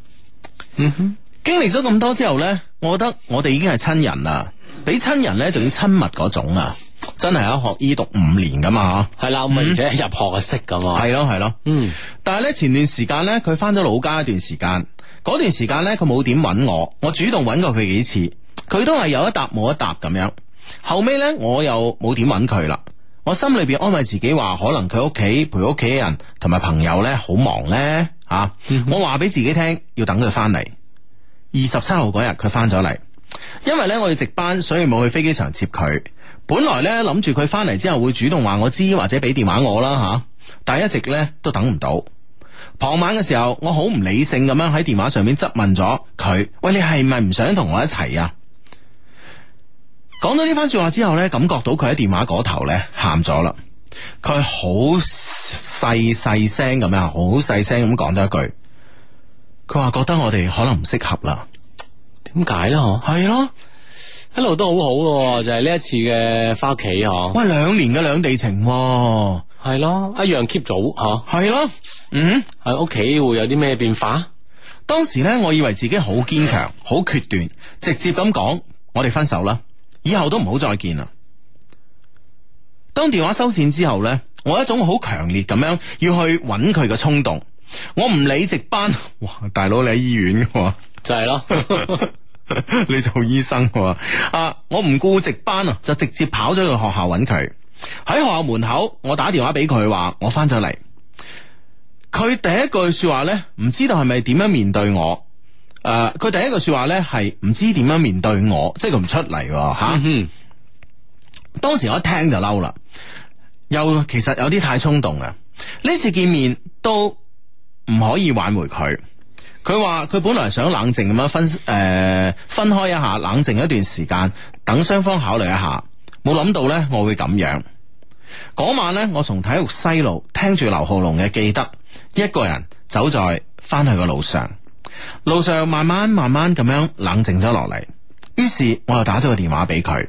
嗯哼，經歷咗咁多之後呢，我覺得我哋已經係親人啦，比親人呢仲要親密嗰種啊！真係啊，學醫讀五年噶嘛，係啦，咁啊，而且入學識噶嘛，係咯係咯，嗯。嗯但係呢，前段時間呢，佢翻咗老家一段時間，嗰段時間呢，佢冇點揾我，我主動揾過佢幾次，佢都係有一搭冇一搭咁樣。後尾呢，我又冇點揾佢啦。我心裏邊安慰自己話，可能佢屋企陪屋企人同埋朋友呢好忙呢。吓、啊。我話俾自己聽，要等佢翻嚟。二十七號嗰日佢翻咗嚟，因為呢，我要值班，所以冇去飛機場接佢。本來呢，諗住佢翻嚟之後會主動話我知或者俾電話我啦吓、啊，但係一直呢，都等唔到。傍晚嘅時候，我好唔理性咁樣喺電話上面質問咗佢：，喂，你係咪唔想同我一齊啊？講到呢番說話之後咧，感覺到佢喺電話嗰頭咧喊咗啦。佢好細細聲咁樣，好細聲咁講咗一句。佢話覺得我哋可能唔適合啦。點解咧？嗬的，係咯，一路都好好嘅，就係呢一次嘅返屋企啊，喂，兩年嘅兩地情係咯，一樣 keep 到嗬。係、啊、咯，的嗯哼，喺屋企會有啲咩變化？當時咧，我以為自己好堅強，好決斷，直接咁講，我哋分手啦。以後都唔好再見啦。當電話收線之後呢，我一種好強烈咁樣要去揾佢嘅衝動。我唔理值班，哇，大佬你喺醫院嘅話就係是咯， 你做醫生嘅話啊，我唔顧值班啊，就直接跑咗去學校揾佢。喺學校門口，我打電話俾佢話我翻咗嚟。佢第一句說話呢，唔知道係咪點樣面對我。誒，佢，uh，第一個說話呢係唔知點樣面對我，即係佢唔出嚟吓。啊、 當時我一聽就嬲啦，又其實有啲太衝動啊。呢次見面都唔可以挽回佢。佢話佢本來想冷靜咁樣分誒、呃、分開一下，冷靜一段時間，等雙方考慮一下。冇諗到呢，我會咁樣。嗰晚呢，我從體育西路聽住劉浩龍嘅《記得》，一個人走在翻去嘅路上。路上慢慢慢慢咁樣冷靜咗落嚟，於是我又打咗個電話俾佢，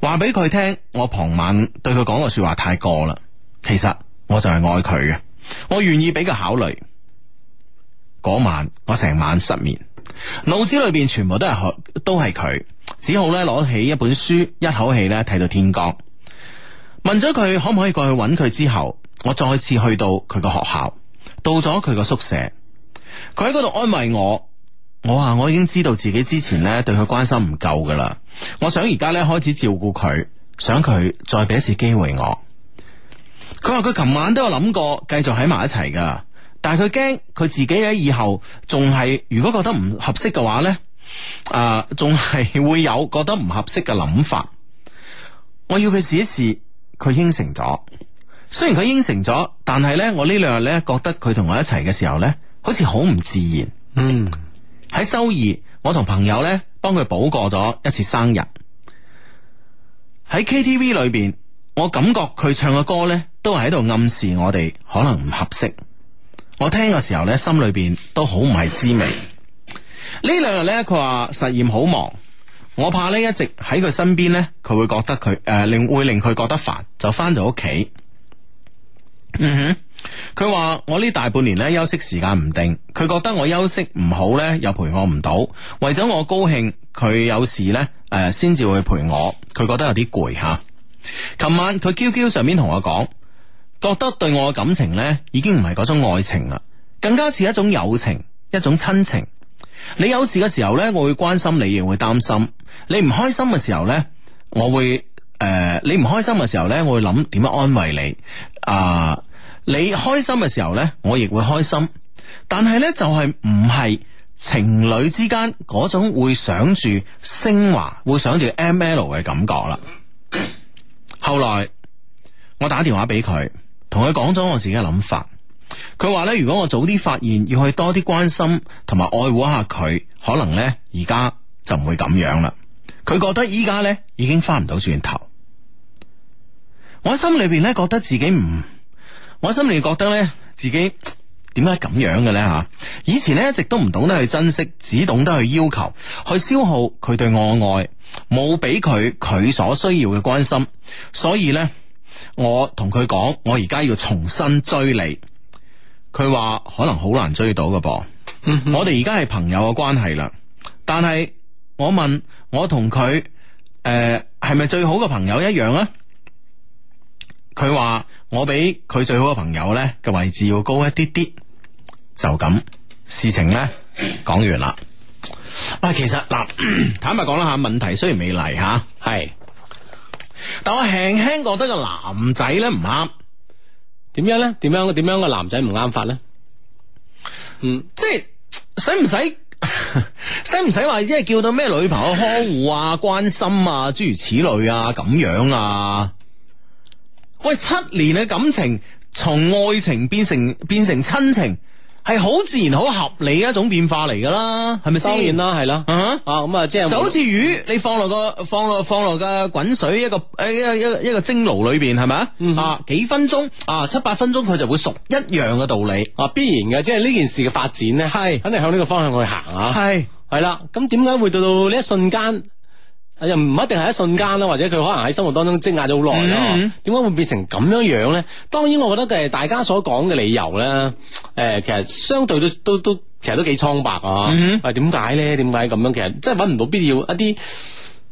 話俾佢聽我傍晚對佢講個說話太過啦，其實我就係愛佢嘅，我願意俾佢考慮。嗰晚我成晚失眠，腦子裏邊全部都係佢，都係佢，只好咧攞起一本書，一口氣咧睇到天光。問咗佢可唔可以過去揾佢之後，我再次去到佢個學校，到咗佢個宿舍。佢喺嗰度安慰我，我話我已經知道自己之前咧對佢關心唔夠噶啦。我想而家咧開始照顧佢，想佢再俾一次機會我。佢話佢琴晚都有諗過繼續喺埋一齊噶，但係佢驚佢自己咧以後仲係如果覺得唔合適嘅話咧，啊仲係會有覺得唔合適嘅諗法。我要佢試一試，佢應承咗。雖然佢應承咗，但係咧我呢兩日咧覺得佢同我一齊嘅時候咧。好似好唔自然。嗯，喺修二，我同朋友呢，幫佢補過咗一次生日。喺 KTV 裏邊，我感覺佢唱嘅歌呢，都係喺度暗示我哋可能唔合適。我聽嘅時候呢，心裏邊都好唔係滋味。呢兩日呢，佢話實驗好忙，我怕呢，一直喺佢身邊呢，佢會覺得佢誒令會令佢覺得煩，就翻到屋企。嗯哼。佢話我呢，大半年呢，休息時間唔定，佢覺得我休息唔好呢，又陪我唔到，為咗我高興，佢有事呢誒，先至會陪我，佢覺得有啲攰吓。琴晚佢 QQ 上面同我講，覺得對我嘅感情呢已經唔係嗰種愛情啦，更加似一種友情、一種親情。你有事嘅時候呢，我會關心你，亦會擔心，你唔開心嘅時候呢，我會誒、呃、你唔開心嘅時候呢，我會諗點樣安慰你啊。呃你開心嘅時候呢，我亦會開心。但係呢，就係唔係情侶之間嗰種會想住升華，會想住 M L 嘅感覺啦。後來我打電話俾佢，同佢講咗我自己嘅諗法。佢話呢，如果我早啲發現，要去多啲關心同埋愛護下佢，可能呢而家就唔會咁樣啦。佢覺得依家呢已經翻唔到轉頭。我心裏邊呢，覺得自己唔。我心裏覺得咧，自己點解咁樣嘅咧吓？以前咧一直都唔懂得去珍惜，只懂得去要求，去消耗佢對我愛，冇俾佢佢所需要嘅關心。所以咧，我同佢講，我而家要重新追你。佢話可能好難追到㗎噃。 我哋而家係朋友嘅關係啦，但係我問我同佢誒係咪最好嘅朋友一樣啊？佢話我比佢最好嘅朋友咧嘅位置要高一啲啲，就咁事情咧講完啦。但、啊、其實嗱、呃，坦白講啦吓，問題雖然未嚟吓，係，是但我輕輕覺得個男仔咧唔啱。點樣咧？點樣？點樣個男仔唔啱法咧？嗯，即係使唔使使唔使話即係叫到咩女朋友呵護啊、關心啊、諸如此類啊、咁樣啊？喂，七年嘅感情從愛情變成變成親情，係好自然、好合理一種變化嚟噶啦，係咪先？當然啦，係啦，啊咁、嗯、哼啊，嗯、即係就好似魚，你放落個放落放落個滾水一個誒一個一個一個一個蒸爐裏邊，係咪、嗯、哼啊？幾分鐘啊，七八分鐘佢就會熟，一樣嘅道理啊，必然嘅，即係呢件事嘅發展咧，係的肯定向呢個方向去行啊，係係啦，咁點解會到到呢一瞬間？又唔一定係一瞬間咯，或者佢可能喺生活當中積壓咗好耐咯。點解，mm hmm. 會變成咁樣樣咧？當然，我覺得誒，大家所講嘅理由咧，誒、呃，其實相對都都都，其實都幾蒼白啊。係點解咧？點解咁樣？其實真係搵唔到必要一啲。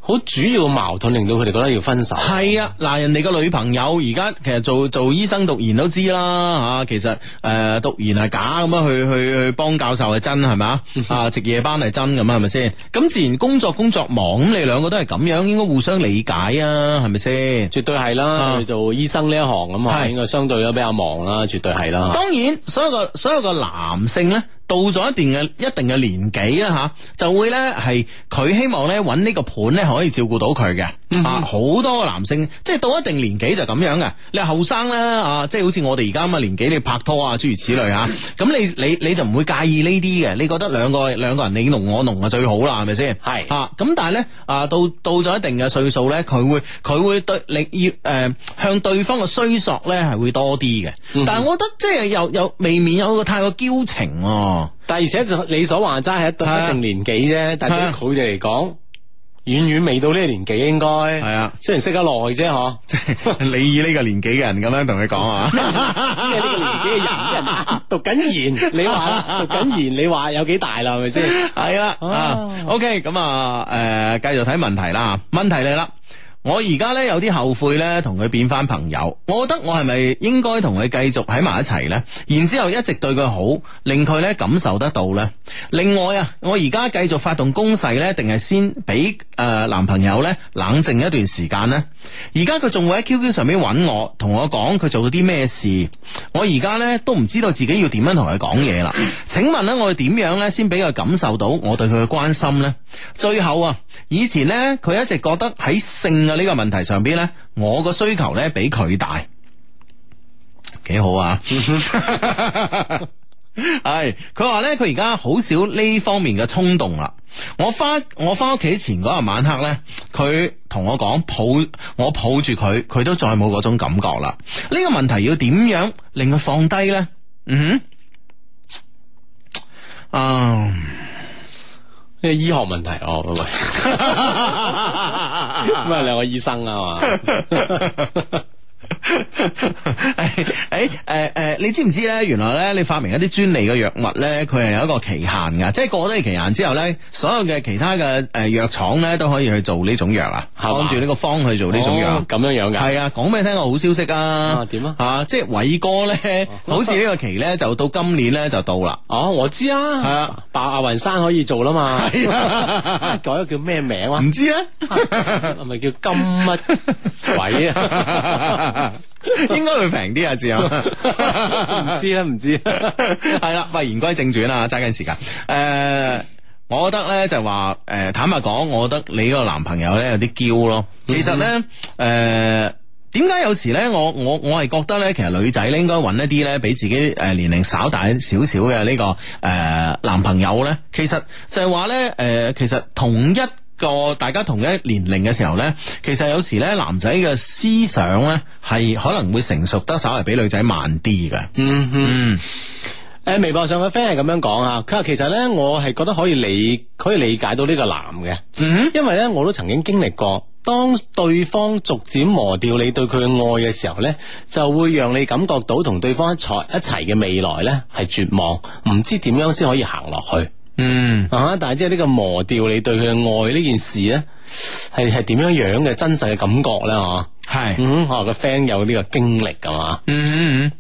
好主要嘅矛盾令到佢哋覺得要分手。係啊，嗱，人哋個女朋友而家其實做做醫生讀研都知啦吓，其實誒讀研係假咁樣，去去去幫教授係真係咪？啊，值夜班係真咁啊，係咪先？咁自然工作工作忙，咁你兩個都係咁樣，應該互相理解啊，係咪先？絕對係啦，做醫生呢一行咁啊，應該相對都比較忙啦，絕對係啦。當然，所有個所有個男性咧。到咗一定嘅一定嘅年紀啦吓，就會咧係佢希望咧搵呢個盤咧可以照顧到佢嘅。啊，好、嗯、多男性，即係到一定年紀就咁樣嘅。你後生咧啊，即係好似我哋而家咁嘅年紀，你拍拖啊，諸如此類吓。咁、啊、你你你就唔會介意呢啲嘅，你覺得兩個兩個人你儂我儂啊最好啦，係咪先？係是啊。咁但係咧啊，到到咗一定嘅歲數咧，佢會佢會對你要誒、呃、向對方嘅衰索咧係會多啲嘅。嗯、哼但係我覺得即係又又未免有一個太過矯情哦。嗯、哼但而且你所話齋係一一定年紀啫，但係佢哋嚟講。遠遠未到呢個年紀應該係啊，雖然識得耐啫嗬，即係你以呢個年紀嘅人咁樣同佢講啊，即係呢個年紀嘅人，讀緊研，你話啦，讀緊研，你話有幾大啦，係咪先？係啦，啊，OK，咁啊，誒，繼續睇問題啦，問題嚟啦。我而家咧有啲後悔咧，同佢變翻朋友，我覺得我係咪應該同佢繼續喺埋一齊咧？然之後一直對佢好，令佢咧感受得到咧。另外啊，我而家繼續發動攻勢咧，定係先俾誒、呃、男朋友咧冷靜一段時間咧？而家佢仲會喺 QQ 上面揾我，同我講佢做咗啲咩事？我而家咧都唔知道自己要點樣同佢講嘢啦。請問咧，我哋點樣咧先俾佢感受到我對佢嘅關心咧？最後啊，以前咧佢一直覺得喺性。喺呢個問題上邊咧，我個需求咧比佢大，幾好啊！係佢話咧，佢而家好少呢方面嘅衝動啦。我翻，我翻屋企前嗰日晚黑咧，佢同我講，抱我，抱住佢，佢都再冇嗰種感覺啦。呢個問題要點樣令佢放低咧？嗯哼，啊！啲醫學問題，哦咁啊兩個醫生啊嘛。誒誒誒你知唔知咧？原來咧，你發明一啲專利嘅藥物咧，佢係有一個期限噶，即係過咗期限之後咧，所有嘅其他嘅誒藥廠咧都可以去做呢種藥啦，按住呢個方去做呢種藥，咁、哦、樣樣噶，係啊，講俾你聽個好消息啊？點啊？吓、啊啊，即係偉哥咧，啊、 好似呢個期咧就到今年咧就到啦。哦、啊，我知啊，啊白阿雲山可以做啦嘛。 改咗叫咩名啊？唔知咧，係咪叫金乜鬼啊？ 啊 啊 應該會平啲啊，自由。唔 知啦，唔知係啦。喂， 言歸正傳啊，揸緊時間。誒、uh,，我覺得咧就係話，誒，坦白講，我覺得你個男朋友咧有啲驕咯。其實咧，誒、嗯，點解、呃，有時咧，我我我係覺得咧，其實女仔咧應該揾一啲咧，比自己誒年齡稍大少少嘅呢個誒、uh, 男朋友咧，其實就係話咧，誒、呃，其實同一。個大家同一年齡嘅時候呢，其實有時咧男仔嘅思想呢係可能會成熟得稍微比女仔慢啲嘅、嗯。嗯哼，誒，微博上嘅 friend 係咁樣講啊，佢話其實呢，我係覺得可以理可以理解到呢個男嘅，嗯、哼因為呢，我都曾經經歷過，當對方逐漸磨掉你對佢嘅愛嘅時候呢，就會讓你感覺到同對方一齊一齊嘅未來呢係絕望，唔知點樣先可以行落去。嗯啊，但係即係呢個磨掉你對佢嘅愛呢件事咧，係係點樣樣嘅真實嘅感覺咧？嗬是，係、嗯啊嗯，嗯，我個 friend 有呢個經歷噶嘛，嗯嗯，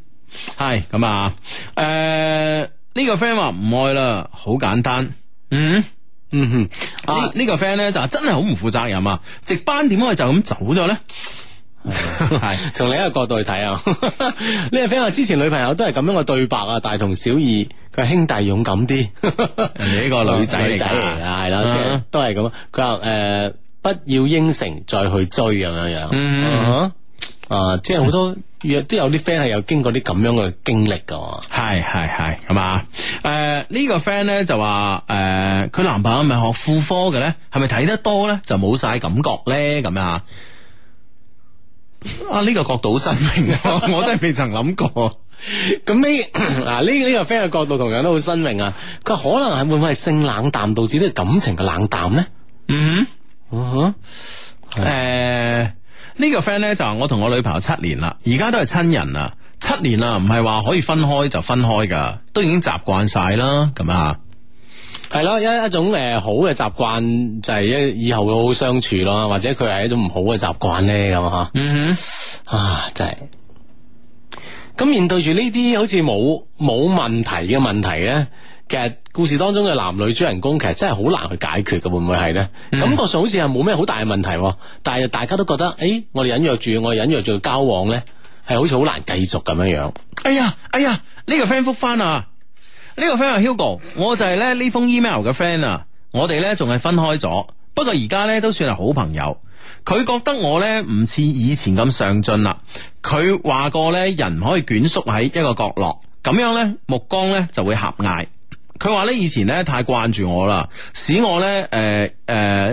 係咁啊，誒、呃，呢、這個 friend 話唔愛啦，好簡單，嗯嗯，呢、嗯、呢、嗯這個 friend 咧就真係好唔負責任直啊，值班點解就咁走咗咧？係從另一個角度去睇啊，呢個 friend 話之前女朋友都係咁樣嘅對白啊，大同小異。佢兄弟勇敢啲，人 呢、呃這個女仔嚟噶，係啦、啊，都係咁。佢話誒，不要應承再去追咁樣樣。嗯，啊，即係好多，若都、嗯、有啲 friend 係有經過啲咁樣嘅經歷噶。係係係，係嘛？誒，呢、呃這個 friend 咧就話，誒、呃，佢男朋友咪學副科嘅咧，係咪睇得多咧就冇晒感覺咧咁樣啊？啊！呢、呢個角度好新穎， 我真係未曾諗過。咁呢？ 嗱，呢 呢、啊呢個 friend 嘅、呢個、角度同樣都好新穎啊。佢可能係會唔會係性冷淡導致啲感情嘅冷淡呢？嗯、mm，誒、hmm. 啊，呢、啊欸呢個 friend 呢，就我同我女朋友七年啦，而家都係親人啦，七年啦，唔係話可以分開就分開噶，都已經習慣晒啦，咁啊。係咯，一一種誒好嘅習慣就係一以後會好相處咯，或者佢係一種唔好嘅習慣咧咁嗬。嗯哼，啊真係。咁面對住呢啲好似冇冇問題嘅問題咧，其實故事當中嘅男女主人公其實真係好難去解決嘅，會唔會係咧？感覺上好似係冇咩好大嘅問題，但係大家都覺得誒，我哋隱約住，我哋隱約住嘅交往咧，係好似好難繼續咁樣樣。哎呀，哎呀，呢個 friend 復翻啊！呢個 friend 係 Hugo，我就係咧呢封 email 嘅 friend 啊，我哋咧仲係分開咗，不過而家咧都算係好朋友。佢覺得我咧唔似以前咁上進啦。佢話過咧人可以捲縮喺一個角落，咁樣咧目光咧就會狹隘。佢話咧以前咧太慣住我啦，使我咧誒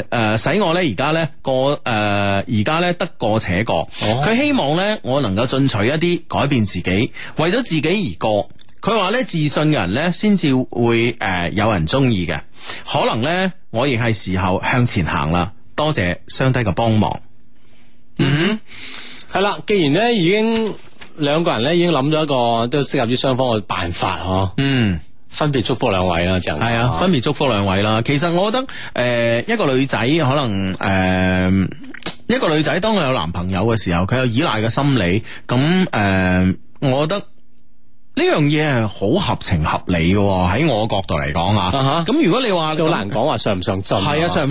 誒誒，使我咧而家咧過誒而家咧得過且過。佢、oh. 希望咧我能夠進取一啲，改變自己，為咗自己而過。佢話咧自信嘅人咧，先至會誒有人中意嘅。可能咧，我亦係時候向前行啦。多謝雙低嘅幫忙。嗯哼，係啦。既然咧已經兩個人咧已經諗咗一個都適合於雙方嘅辦法嗬。嗯，分別祝福兩位啦，就係啊，的分別祝福兩位啦。其實我覺得誒、呃、一個女仔可能誒、呃、一個女仔，當佢有男朋友嘅時候，佢有依賴嘅心理，咁誒、呃，我覺得。呢樣嘢係好合情合理嘅喎，喺我角度嚟講啊。咁、uh huh. 如果你話好難講話上唔上真係啊上。